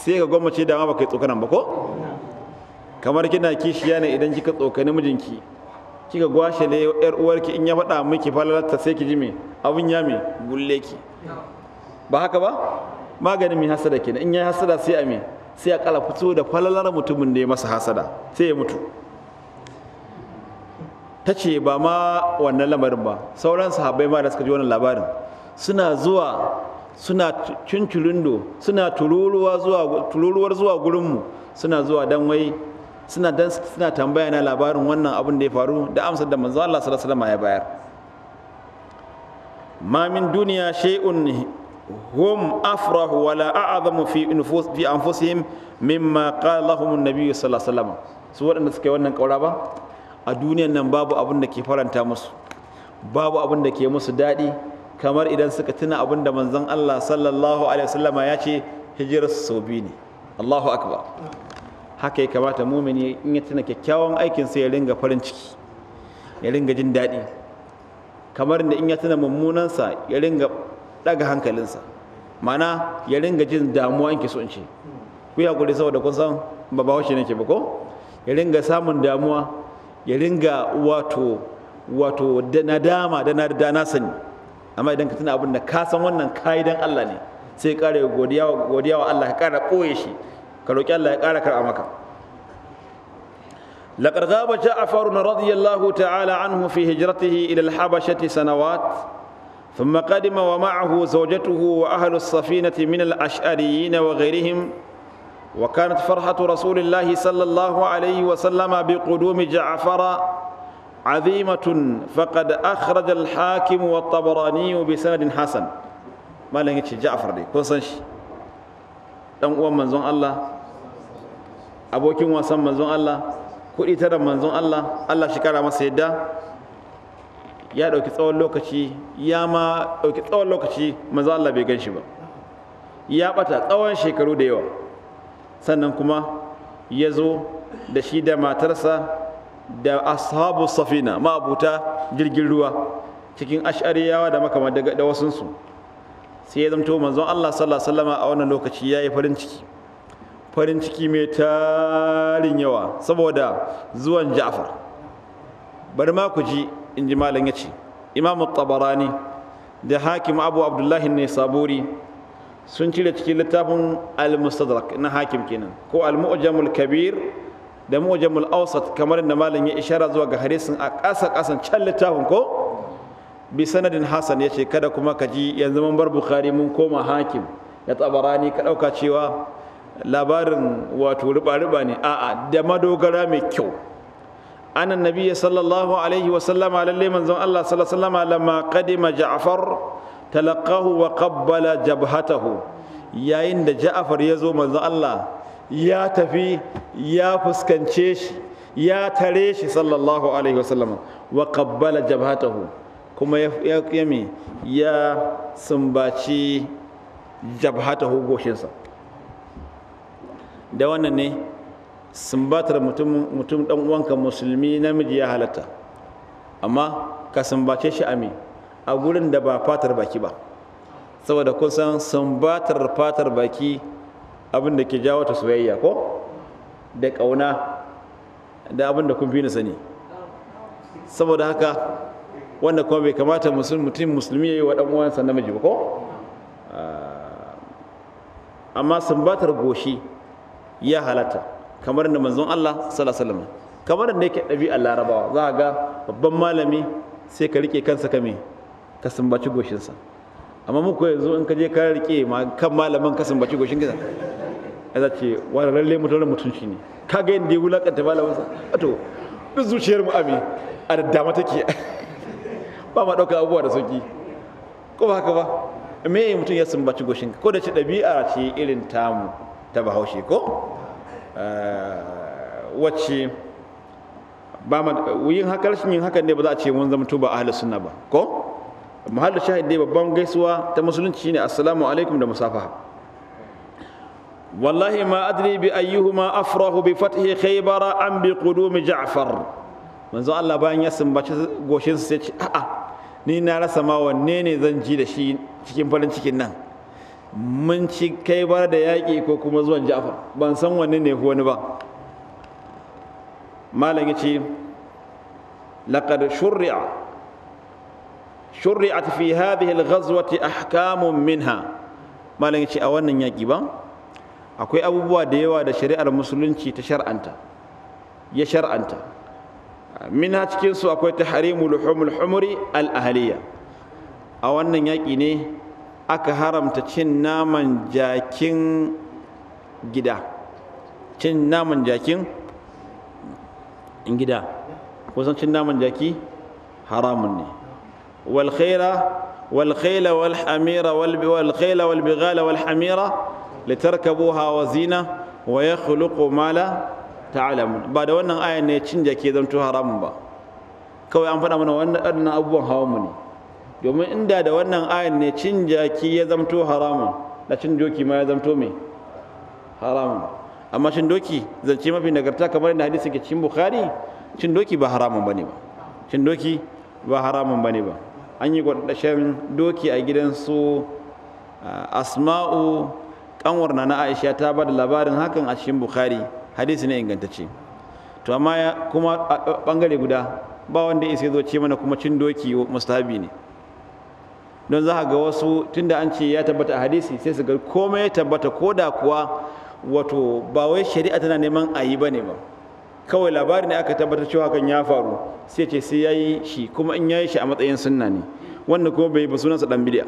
sai ka gwammace dama ba kai tsokanan ba ko kamar kina kishiya ne idan kika tsokani mijinki kika gwashe ne yar uwarki in ya faɗa miki falalarta sai ki ji me abin ya me gulle ki ba haka ba maganin mai hasada kenan in ya hasada sai a me sai a kala fito da falalar mutumin da ya masa hasada sai ya mutu ta ce ba ma wannan lamarin ba sauran sahabbai ma da suka ji wannan labarin suna zuwa suna cincirindo suna tururuwar zuwa gurinmu suna zuwa don wai suna dan suna tambaya na labarin wannan abin da ya faru da amsar da manzo Allah sallallahu alaihi wasallam ya bayar ma min duniya shay'un hum afrahu wala a'zamu fi nufus fi anfusihim mimma qala lahum an nabi sallallahu alaihi wasallam su waɗanda suke wannan kaura ba a duniyan nan babu abin da ke faranta musu babu abin da ke musu daɗi kamar idan suka tuna abin da manzon Allah sallallahu alaihi wasallam ya ce hijirar sau biyu ne Allahu akbar haka ya kamata mumini in ya tana kyakkyawan aikin sai ya ringa farin ciki ya ringa jin daɗi kamar da in ya tuna mummunansa ya ringa ɗaga hankalinsa mana ya ringa jin damuwa in so in ce ku ya kuri saboda kun san ba ba washe nake ba ko ya ringa samun damuwa ya ringa wato wato da nadama da da na sani amma idan ka tuna abin da ka san wannan ka'idan dan Allah ne sai ka godiya wa Allah ka ƙara koye shi ka roki Allah ya ƙara karɓa maka لقد غاب جعفر رضي الله تعالى عنه في هجرته إلى الحبشة سنوات ثم قدم ومعه زوجته وأهل السفينة من الأشعريين وغيرهم وكانت فرحة رسول الله صلى الله عليه وسلم بقدوم جعفر عظيمة فقد أخرج الحاكم والطبراني بسند حسن ما لنجي جعفر دي كونسنش ɗan uwan manzon Allah abokin wasan manzon Allah kuɗi tara manzon Allah Allah shi kara masa yadda ya ɗauki tsawon lokaci ya ma ɗauki tsawon lokaci manzon Allah bai gan shi ba ya ɓata tsawon shekaru da yawa sannan kuma ya zo da shi da matarsa da ashabu safina ma'abuta jirgin ruwa cikin ash'ariyawa da makama da wasunsu sai ya zamto manzon Allah sallallahu alaihi wasallam a wannan lokaci yayi farin ciki farin ciki mai tarin yawa saboda zuwan Ja'far bari ma ku ji in ji malam yace Imam Tabarani da Hakim Abu Abdullahi ne saburi sun cire cikin littafin Al-Mustadrak na Hakim kenan ko Al-Mu'jamul Kabir da Mu'jamul Awsat kamar da malam ya ishara zuwa ga hadisin a ƙasa ƙasan can littafin ko bi sanadin Hassan ya ce kada kuma ka ji yanzu mun bar bukhari mun koma hakim tsabara ni ka ɗauka cewa labarin wato riba-riba ne a'a da madogara mai kyau anan nabiya sallallahu alaihi wasallama lallai manzon allah sallallahu alaihi wasallama lamma qadima ja'far talaqahu wa qabbala jabhatahu yayin da ja'far ya zo manzon allah ya tafi ya fuskance shi ya tare shi sallallahu alaihi sallama wa qabbala jabhatahu kuma ya ya sumbaci jabhata goshinsa da wannan ne sumbatar mutum dan uwanka musulmi namiji ya halatta amma ka sumbace shi ami a gurin da ba fatar baki ba saboda kun san sumbatar fatar baki abin ke jawo ta soyayya ko da ƙauna da abin kun fi nisa sani saboda haka wanda kuma bai kamata mutum musulmi ya yi wa ɗan'uwansa namiji ba ko ah, amma sumbatar goshi ya halatta kamar da manzon Allah sallallahu alaihi wasallam kamar da yake ɗabi'ar larabawa za ga babban malami sai ka rike kansa kame ka sumbaci goshinsa amma mu ko yanzu in ka je ka rike ma kan malamin ka sumbaci goshin ka za ce wani lalle mutum mutunci ne ka ga yadda ya wulakanta malamin sa to duk zuciyar mu abi a da dama take ba ma ɗauka abubuwa da sauki ko ba haka ba me mutum ya sumbaci goshin ko da ce ɗabi'a ce irin tamu ta bahaushe ko eh, wacce ba ma yin haka rashin yin haka ne ba za a ce mun zama tuba ahli sunna ba ko muhallu shahid dai babban gaisuwa ta musulunci shine assalamu alaikum da musafaha wallahi ma adri bi ayyuhuma afrahu bi fathi khaybar am bi qudum ja'far manzo Allah bayan ya sumbaci goshin sai ce a'a ni na rasa ma wanne ne zan ji da shi cikin farin cikin nan mun ci kai bar da yaƙi ko kuma zuwan ja'far ban san wanne ne ko wani ba malam yace laqad Shuri'a shur'at fi hadhihi al-ghazwati ahkamun minha malam ce a wannan yaƙi ba akwai abubuwa da yawa da shari'ar musulunci ta shar'anta ya shar'anta Min cikin su akwai tahrimu luhumul humri al ahliya a wannan yaƙi ne aka haramta cin naman jakin gida cin naman jakin gida kusan cin naman jaki haramun ne wal khaira wal khayla wal hamira wal wal wa zina wa ya ma mala. ta'lamun ba da wannan ayan ne cin jake zanto haramun ba kawai an faɗa mana wannan abubuwan hawa mu ne domin inda da wannan ayan ne cin jaki ya zamto haramun da cin doki ma ya zamto mai haramun amma cin doki zance mafi nagarta kamar yadda hadisi ke cikin bukhari cin doki ba haramun bane ba cin doki ba haramun bane ba an yi shan doki a gidan su ah, asma'u kanwar na na aisha ta ba da labarin hakan a cikin bukhari hadisi ne ingantacce to amma kuma bangare guda ba wanda ya zo ce mana kuma cin doki mustahabi ne don za ga wasu tunda an ce ya tabbata a hadisi sai su ga komai ya tabbata ko da kuwa wato ba wai shari'a tana neman ayi yi ba ne ba kawai labari ne aka tabbatar cewa hakan ya faru sai ce sai ya yi shi kuma in ya yi shi a matsayin sunna ne wannan kuma bai ba sunansa dan bid'a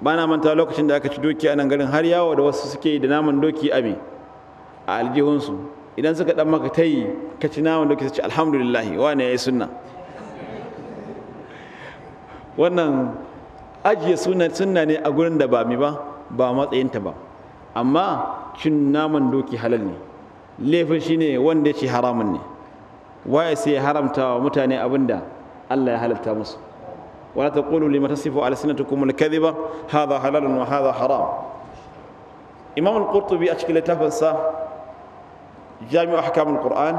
ba manta lokacin da aka ci doki a nan garin har yawo da wasu suke da naman doki a a aljihunsu idan suka dan maka tayi ka ci naman da kake ci alhamdulillah wane yi sunna wannan ajiye sunna sunna ne a gurin da ba mi ba ba matsayinta ba amma cin naman doki halal ne laifin shine wanda ya ce haramun ne waye sai ya haramta wa mutane abinda Allah ya halatta musu ta kuma لما ba, haza الكذبة wa, haza haram. حرام Kurtubi a cikin littafinsa. jami'u ahkamul qur'an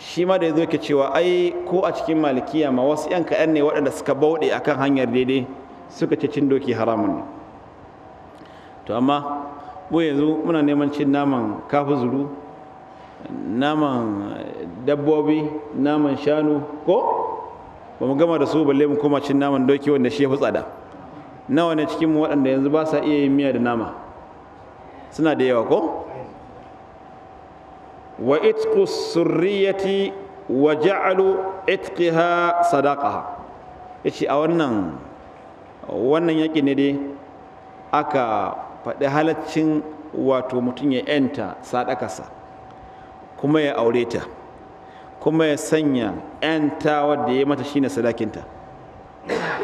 shi ma da yazo yake cewa ai ko a cikin malikiya ma wasu yan kaɗan ne waɗanda suka bauɗe akan hanyar daidai suka ce cin doki haramun ne to amma mu yanzu muna neman cin naman kafu zuru naman dabbobi naman shanu ko ba mu gama da su balle mu koma cin naman doki wanda shi ya fi tsada nawa ne cikin mu waɗanda yanzu ba sa iya yin miya da nama suna da yawa ko wa itqu surriyati wa ja'alu itqiha sadaqaha yace a wannan wannan yaki ne dai aka faɗi halaccin wato mutum ya yanta sadakarsa kuma ya aure ta kuma ya sanya yanta wadda ya mata shine sadakinta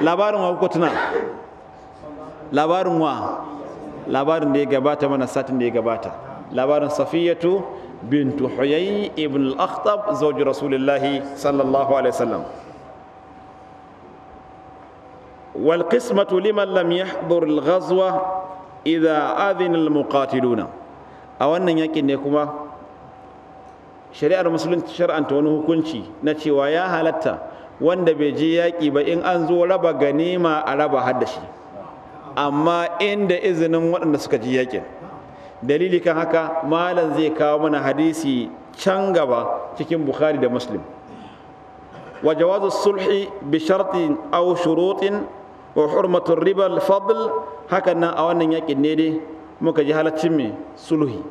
labarin wa kuka tuna labarin wa labarin da ya gabata mana satin da ya gabata labarin safiyatu بنت حيي ابن الأخطب زوج رسول الله صلى الله عليه وسلم والقسمة لمن لم يحضر الغزوة إذا آذن المقاتلون أو أن يكن يكما شريعة المسلمين شرعا تونه كنشي نتشي ويا هلتا wanda bai je yaƙi ba in an zo raba ganima a raba haddashi amma inda izinin waɗanda suka ji yaƙin dalili kan haka malam zai kawo mana hadisi can gaba cikin bukhari da muslim wa jawazu sulhi bi shartin aw shurutin wa hurmatu riba al-fadl hakan nan a wannan yakin ne dai muka ji halaccin me sulhi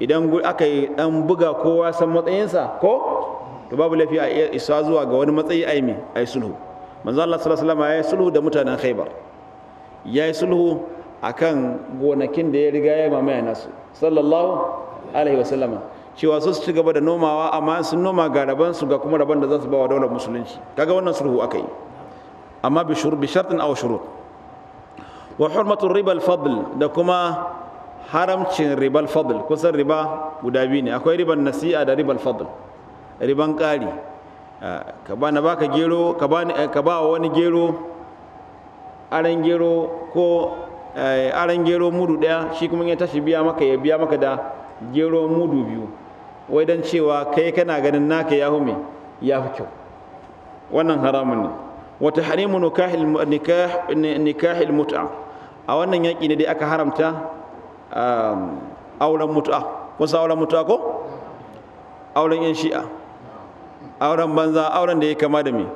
idan aka yi dan buga kowa san matsayinsa ko to babu lafiya a isa zuwa ga wani matsayi ai me ai sulhu manzo Allah sallallahu alaihi wasallam ya sulhu da mutanen Khaibar ya sulhu akan gonakin da ya riga ya mamaya nasu sallallahu alaihi wasallama cewa su ci gaba da nomawa amma sun noma ga raban su ga kuma raban da za su ba wa daular musulunci kaga wannan sulhu aka yi amma bi shurut bi shartin aw shurut wa hurmatu riba al-fadl da kuma haramcin riba al-fadl kusan riba guda biyu ne akwai riban nasi'a da riba al-fadl riban kari. ka ba na baka gero ka ba wani gero aran gero ko Eh, aran gero mudu ɗaya shi kuma ya tashi biya maka ya biya maka da gero mudu biyu wai don cewa kai kana ganin naka ya hume ya fi kyau wannan haramun ne wata harimu nikahil mut'a a wannan yaƙi ne dai aka haramta um, auren mut'a kun san auren mut'a ko auren yan shi'a auren banza auren da ya kama da me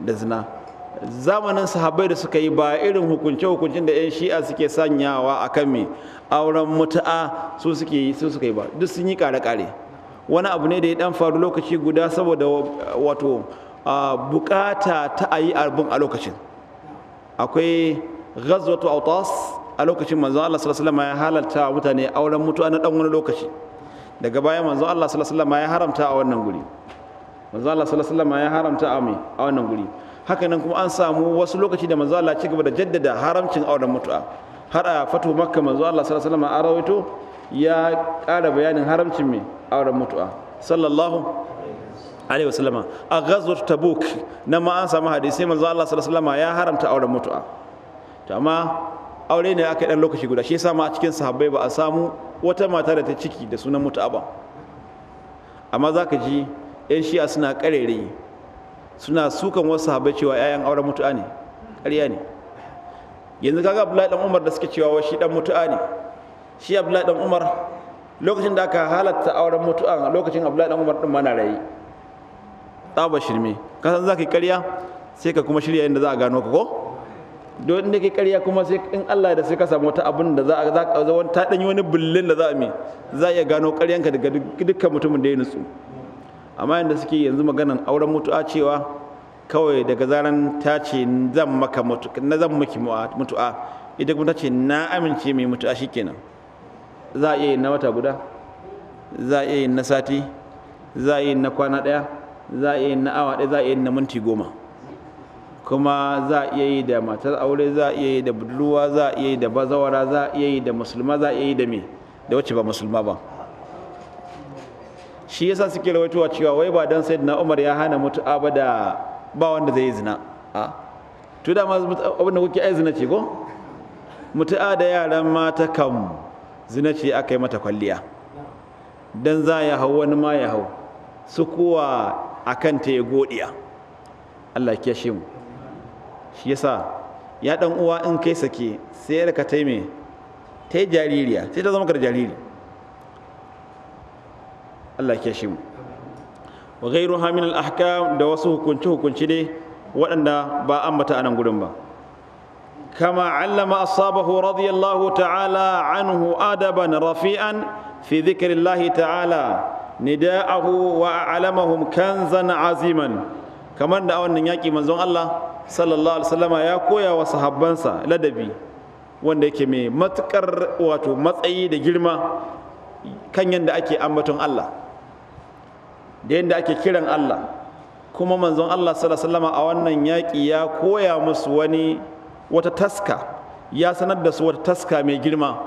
da zina zamanin sahabbai da suka yi ba irin hukunce-hukuncin da 'yan shi'a suke sanyawa a kan mai auren mutu'a su suke su suka yi ba duk sun yi kare-kare wani abu ne da ya dan faru lokaci guda saboda eh, wato bukata ta a yi abin a lokacin akwai ghazwatu autas a lokacin manzon Allah sallallahu alaihi ya halarta mutane auren mutu'a na dan wani lokaci daga baya manzon Allah sallallahu alaihi ya haramta a wannan guri manzon Allah sallallahu alaihi ya haramta a mai a wannan guri hakanan kuma an samu wasu lokaci da manzo Allah ya cigaba da jaddada haramcin auren mutu'a har a fatu makka manzo Allah sallallahu alaihi wasallam a rawaito ya ƙara bayanin haramcin mai auren mutu'a sallallahu alaihi wasallam a ghazwat tabuk nan ma an samu hadisi manzo Allah sallallahu alaihi wasallam ya haramta auren mutu'a to amma aure ne aka yi dan lokaci guda shi yasa ma a cikin sahabbai ba a samu wata mata da ta ciki da sunan mutu'a ba amma zaka ji yan shi'a suna ƙarere suna sukan wasu haɓe cewa yayan auren mutu'a ne ƙarya ne yanzu kaga abdullahi dan umar da suke cewa wa shi dan mutu'a ne shi abdullahi dan umar lokacin da aka halatta auren mutu'a lokacin abdullahi dan umar din mana rayi tsaba shirme ka san zaka yi ƙarya sai ka kuma shirya yadda za a gano ka ko don da kai ƙarya kuma sai in Allah da sai ka samu wata abin da za a za ka wani ta danyi wani bullin da za a mi za a iya gano ƙaryanka daga dukkan mutumin da ya nutsu amma yadda suke yanzu maganan auren mutu'a cewa kawai daga zaran ta ce zan maka na zan miki mutu'a ita kuma ta ce na amince mai mutu'a shikenan za a iya yin na wata guda za a iya yin na sati za a iya yin na kwana ɗaya za a iya yin na awa ɗaya za a iya yin na minti goma kuma za a iya yi da matar aure za a iya yi da budurwa za a iya yi da bazawara za a iya yi da musulma za a iya yi da me da wacce ba musulma ba shi yasa suke rawaitowa cewa wai ba dan sayyidina Umar ya hana mutu ba ba wanda zai yi zina a to da ma abinda kuke ai zina ce ko a da yaran mata kam zina ce aka yi mata kwalliya dan za ya hau wani ma ya hau su kuwa kan ta ya godiya Allah ya kiyashe mu shi yasa ya dan uwa in kai sake sai ka taime yi jaririya sai ta zama da jariri Allah ya shi mu wa ghairu hamin al-ahkam da wasu hukunci hukunci ne waɗanda ba ambata anan gurin ba kama allama ashabahu radiyallahu ta'ala anhu adaban rafi'an fi dhikrillahi ta'ala nida'ahu wa a'lamahum kanzan aziman kamar da a wannan yaƙi manzon Allah sallallahu alaihi wasallama ya koya wa sahabbansa ladabi wanda yake mai matukar wato matsayi da girma kan yadda ake ambaton Allah da yadda ake kiran Allah kuma manzon Allah sallallahu a wannan yaƙi ya koya musu wani wata taska ya sanar da su wata taska mai girma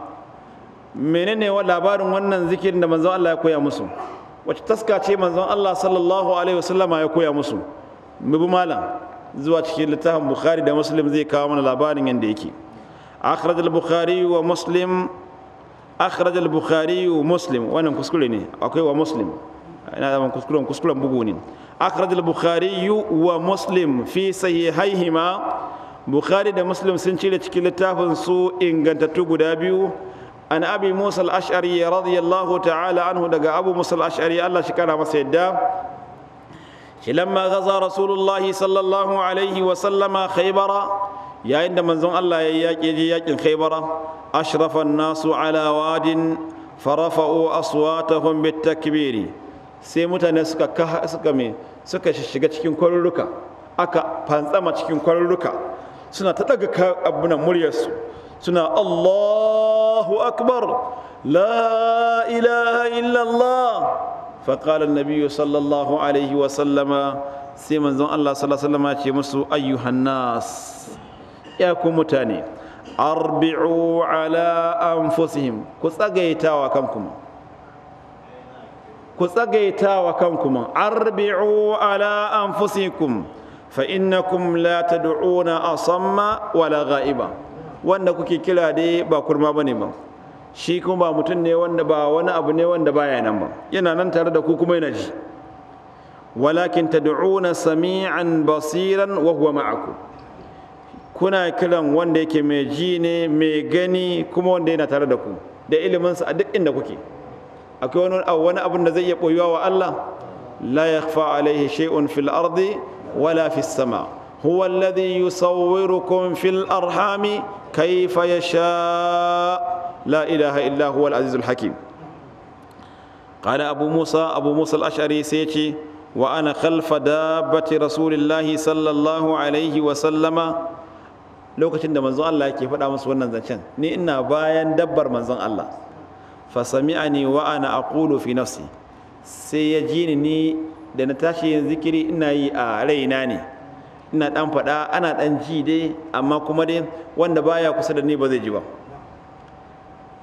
menene wa labarin wannan zikirin da manzon Allah ya koya musu wata taska ce manzon Allah sallallahu alaihi wasallam ya koya musu mu bi malam zuwa cikin littafin Bukhari da Muslim zai kawo mana labarin yadda yake akhraj al-Bukhari wa Muslim akhraj al-Bukhari wa Muslim wannan kuskure ne akwai wa Muslim ina da kuskuren kuskuren bugu ne akhraj al-bukhari wa muslim fi sahihaihima bukhari da muslim sun cire cikin littafin su ingantattu guda biyu an abi musa al-ash'ari radiyallahu ta'ala anhu daga abu musa al-ash'ari Allah shi kara masa yadda shi lamma gaza rasulullahi sallallahu alaihi wa sallama khaybara yayin da manzon Allah ya yaƙi je yaƙin Khaybara ashrafa an-nasu ala wadin farafa'u aswatahum bit takbiri sai mutane suka shiga cikin kwaruruka aka fantsama cikin kwaruruka suna ta daga abuna muryarsu suna allahu akbar la ilaha illallah faƙala nabiya sallallahu alaihi wasallama sai manzon allah sallallahu ya ce musu ayyuhan nas ya ku mutane arbi'u ala anfusihim ku tsagaitawa kan kuma ku tsagaita wa kanku man arbi'u ala anfusikum fa innakum la tad'una asamma wala ghaiba wanda kuke kira dai ba kurma bane ba shi kuma ba mutum ne wanda ba wani abu ne wanda baya nan ba yana nan tare da ku kuma yana ji walakin tad'una sami'an basiran wa huwa ma'akum kuna kiran wanda yake mai ji ne mai gani kuma wanda yana tare da ku da iliminsa a duk inda kuke akwai wani wani abin da zai iya boyuwa wa Allah la yakhfa alayhi shay'un fil ardi wala fis sama huwa alladhi yusawwirukum fil arhami kaifaya yasha la ilaha illa huwa al azizul hakim qala abu musa abu musa al ash'ari sai ce wa ana dabbati rasulillahi sallallahu alayhi wa sallama lokacin da manzon Allah yake faɗa musu wannan zancen ni ina bayan dabbar manzon Allah fa sami'ani wa ana aqulu fi nafsi sai ya ji ni da na tashi yin zikiri ina yi a raina ne ina dan faɗa ana dan ji dai amma kuma dai wanda baya kusa da ni ba zai ji ba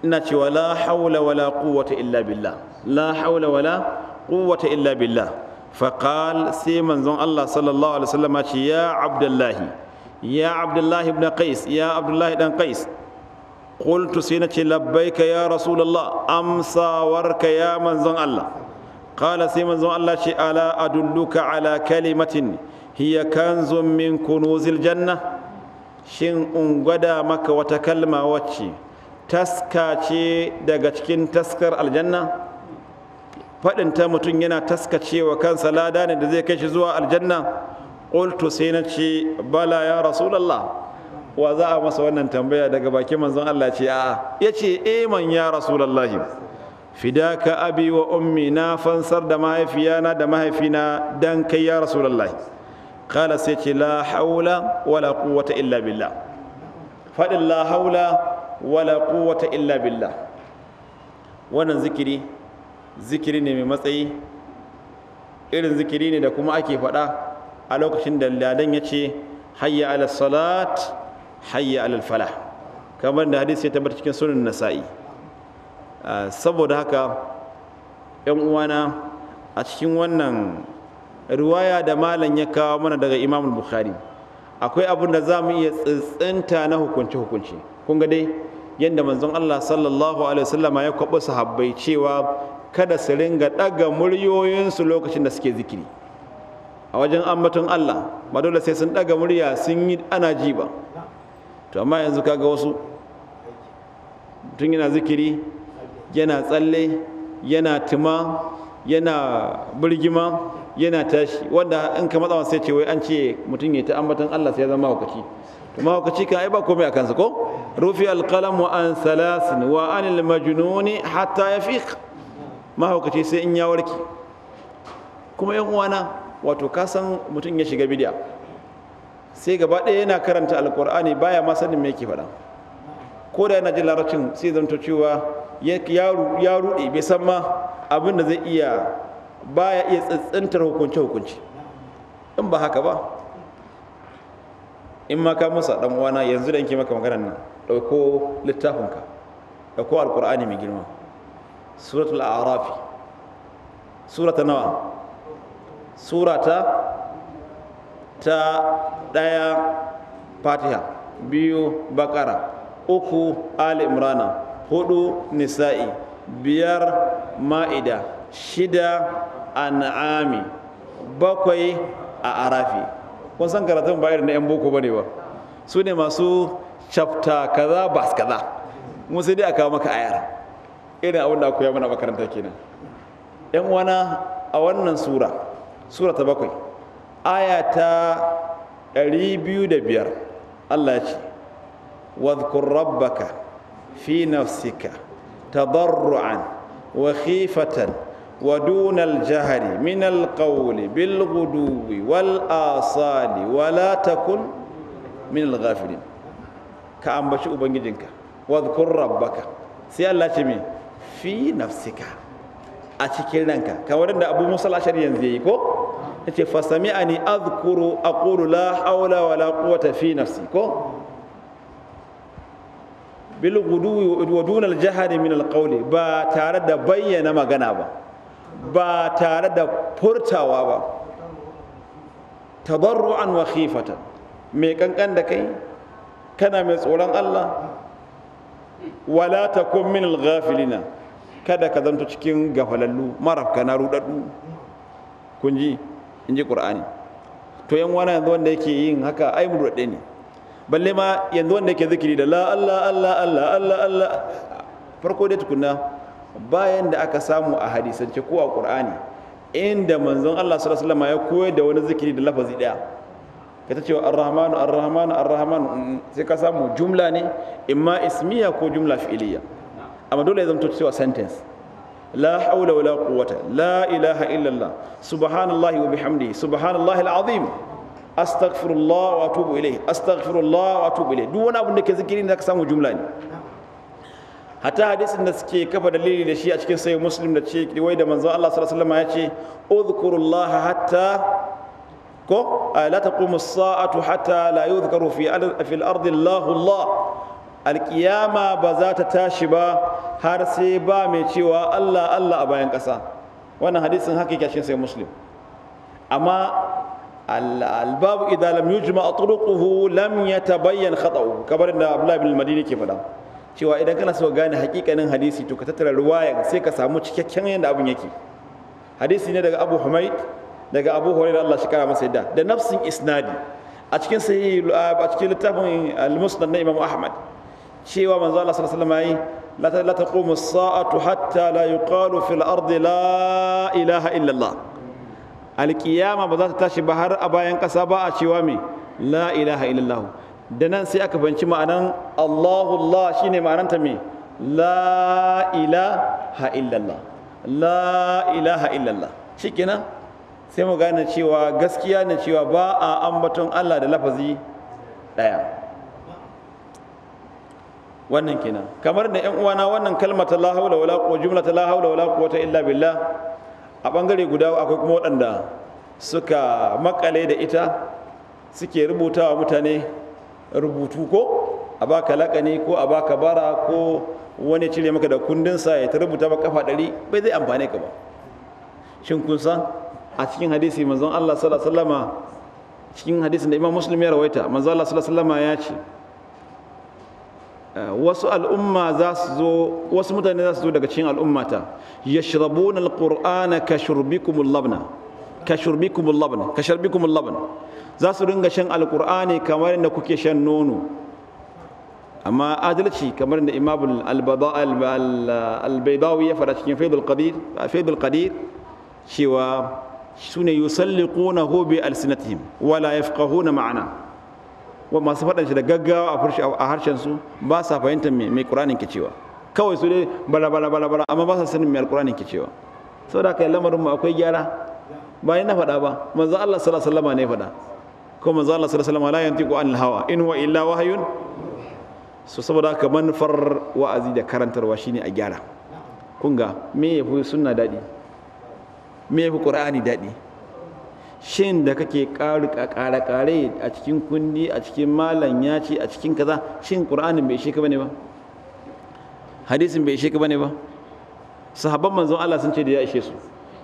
ina cewa la haula wala quwwata illa billah la haula wala quwwata illa billah faqal sai manzon Allah sallallahu alaihi wasallam ya ya abdullahi ya abdullahi ibn qais ya abdullahi dan qais Kultu sai na ce labbaika ya rasulullah amsawarka ya manzon Allah qala sai manzon Allah ce ala adulluka ala kalimatin hiya kanzun min janna shin in gwada maka wata kalma wacce taska ce daga cikin taskar aljanna faɗin ta mutum yana taskacewa kansa lada ne da zai kai shi zuwa aljanna Kultu sai na ce bala ya rasulullah wa za a masa wannan tambaya daga bakin manzon Allah ce a'a yace eh man ya rasulullahi fidaka abi wa ummi na fansar da mahaifiyana da mahaifina dan kai ya rasulullahi Kala sai ce la haula wala quwwata illa billah Faɗin la haula wala quwwata illa billah wannan zikiri zikiri ne mai matsayi irin zikiri ne da kuma ake faɗa a lokacin da ladan ya ce hayya ala salat hayya alal falah kamar da hadisi ya tabbata cikin sunan nasa'i ah, saboda haka yan uwana a cikin wannan riwaya da malam ya kawo mana daga imam bukhari akwai abin da za mu iya tsintsinta na hukunci hukunci kun ga dai yadda manzon Allah sallallahu alaihi wasallama ya kwaɓa sahabbai cewa kada su ringa ɗaga muryoyinsu lokacin da suke zikiri a wajen ambaton Allah ba dole sai sun ɗaga murya sun yi ana ji ba to amma yanzu kaga wasu tun yana zikiri yana tsalle yana tuma yana birgima yana tashi wanda in ka matsawa sai ce wai an ce mutum ya ta ambatan Allah sai ya zama hukaci to mahaukaci kan ai ba komai a kansa ko rufi alqalam wa an salasin wa anil majnuni hatta yafiq mahaukaci sai in ya warke kuma yan uwana wato ka san mutum ya shiga bidiya. sai gaba ɗaya yana karanta alkur'ani baya ma sanin me yake faɗa ko da yana jin larabcin sai zanto cewa ya ruɗe bai san ma abin da zai iya baya iya tsantsantar hukunci hukunci in ba haka ba in ma ka musa ɗan uwana yanzu da yanke maka maganar nan ɗauko littafinka ɗauko alkur'ani mai girma suratul a'rafi surata nawa surata ta ɗaya fatiha biyu bakara uku ali imrana hudu nisa'i biyar ma'ida shida an'ami bakwai a arafi kun san karatun bayar na 'yan boko bane ba su ne masu chapta kaza bas kaza mun dai a maka ayar irin abin da koya mana makaranta kenan yan wana a wannan sura sura ta bakwai aya ta 205 Allah ce wadhkur rabbaka fi nafsika tadarruan wa khifatan wa duna al-jahri min al bil ghuduwi wal asali wa la takun min al ka ambaci ubangijinka wadhkur rabbaka sai Allah ce min fi nafsika a cikin ranka kamar da abu musa lashari yanzu ya yi ko ya ce fasami a ni azkuru a ƙuru la haula wa la quwwata fi nafsi ko bil gudu wa dunar jihari min alqawli ba tare da bayyana magana ba ba tare da furtawa ba tabarru'an wa khifata mai kankan da kai kana mai tsoron Allah wala takun min alghafilina kada ka zanto cikin gafalallu marafka na rudaddu kun ji in ji qur'ani to yan wani yanzu wanda yake yin haka ai mu rudade ne balle ma yanzu wanda yake zikiri da la Allah Allah Allah Allah Allah farko dai tukunna bayan da aka samu a hadisance ko a qur'ani inda manzon Allah sallallahu alaihi wasallam ya koyar da wani zikiri da lafazi daya ka ta cewa ar-rahman ar-rahman mm, mm, sai ka samu jumla ne imma ismiya ko jumla fi'liya amma dole ya zanto cewa sentence la haula wala quwwata la ilaha illa Allah subhanallahi wa bihamdihi subhanallahi alazim astaghfirullah wa atubu ilayhi astaghfirullah wa atubu ilayhi duk wani abu da ke zikiri ne zaka samu jumla ne hatta hadisin da suke kafa dalili da shi a cikin sahih muslim da ce wai da manzo Allah sallallahu alaihi wasallam ya ce udhkurullah hatta ko la taqumu as-sa'atu hatta la yudhkaru fi al-ardi Allah Allah alkiyama ba za ta tashi ba har sai ba mai cewa Allah Allah a bayan ƙasa wannan hadisin hakika shi sai muslim amma albabu idan lam yujma turuquhu lam yatabayyan khata'u kabar da Abdullah ibn Madini ke faɗa cewa idan kana so gane hakikanin hadisi to ka tattara ruwaya sai ka samu cikakken yadda abin yake hadisi ne daga Abu Humayd daga Abu Hurairah Allah shi kara masa yadda da nafsin isnadi a cikin sahih a cikin littafin al-Musnad na Imam Ahmad cewa manzo Allah sallallahu alaihi wasallam yayi la taqumu as-sa'atu hatta la yuqalu fil ardi la ilaha illa Allah alqiyama ba za ta tashi ba har a bayan kasa ba a cewa me la ilaha illa Allah da nan sai aka banci ma'anan Allahu Allah shine ma'anan ta me la ilaha illa Allah la ilaha illa Allah shikenan sai mu gane cewa gaskiya ne cewa ba a ambaton Allah da lafazi daya wannan kenan kamar da yan uwana wannan kalmata la haula wala quwwata jumlata la haula wala quwwata illa billah a bangare guda akwai kuma waɗanda suka makale da ita suke rubutawa mutane rubutu ko a baka lakani ko a baka bara ko wani cire maka da kundinsa ya ta rubuta ba kafa ɗari bai zai amfane ka ba shin kun san a cikin hadisi manzon Allah sallallahu alaihi wasallama cikin hadisin da Imam Muslim ya rawaita manzon Allah sallallahu alaihi wasallama ya ce Eh, wasu al'umma za su zo wasu mutane za su zo daga cikin al'ummata yashrabuna alqur'ana ka shurbikumul labna ka ka za su ringa shan alqur'ani kamar yadda kuke shan nono amma adalci kamar da imam al ya fara cikin faidul qadir cewa sune yusalliqunahu hobi alsinatihim wala yafqahuna ma'ana wa masu faɗan shi da gaggawa a harshen su ba sa fahimtar mai ƙuranin ke cewa kawai su dai bala bala bala bala amma ba sa sanin mai alƙuranin ke cewa saboda kai lamarin mu akwai gyara ba na faɗa ba manzo Allah sallallahu alaihi wasallam ne faɗa ko manzo Allah sallallahu alaihi wasallam la yantiqu anil hawa in wa illa wahyun so saboda haka manufar wa'azi da karantarwa shine a gyara kun ga me yafi sunna dadi me yafi qur'ani dadi shin da kake ƙare-ƙare a cikin kundi a cikin malam ya ce a cikin kaza shin ƙur'anin bai ishe ka bane ba hadisin bai ishe ka bane ba sahabban manzon Allah sun ce da ya ishe su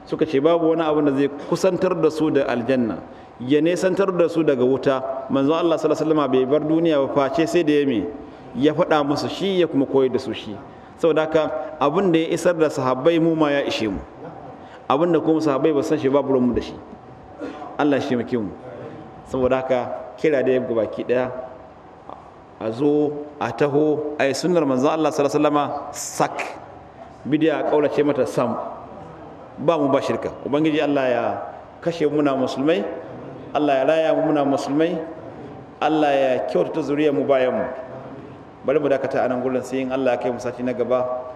suka ce babu wani abu da zai kusantar da su da aljanna ya nesantar da su daga wuta manzon Allah sallallahu alaihi wasallam bai bar duniya ba face sai da ya me ya faɗa musu shi ya kuma koyar da su shi saboda haka abin da ya isar da sahabbai mu ma ya ishe mu abin da kuma sahabbai ba san shi babu mu da shi Allah shi maki mu saboda haka kira da yabga baki daya a zo a taho a yi sunnar manzon Allah sallallahu alaihi sak bidiya kaulace mata sam ba mu ba shirka ubangiji Allah ya kashe muna musulmai Allah ya raya muna musulmai Allah ya kyautata zuriyar mu bayan mu bari mu dakata a nan gurin sai in Allah ya kai mu sati na gaba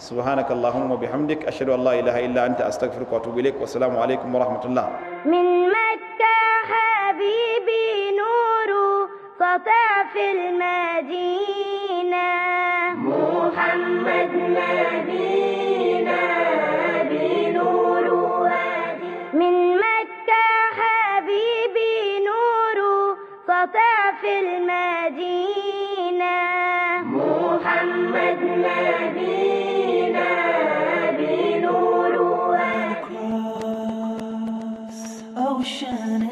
سبحانك اللهم وبحمدك أشهد أن لا إله إلا أنت أستغفرك وأتوب إليك والسلام عليكم ورحمة الله من مكة حبيبي نور سطع في المدينة محمد نبينا بنور هادي من مكة حبيبي نور سطع في المدينة محمد ocean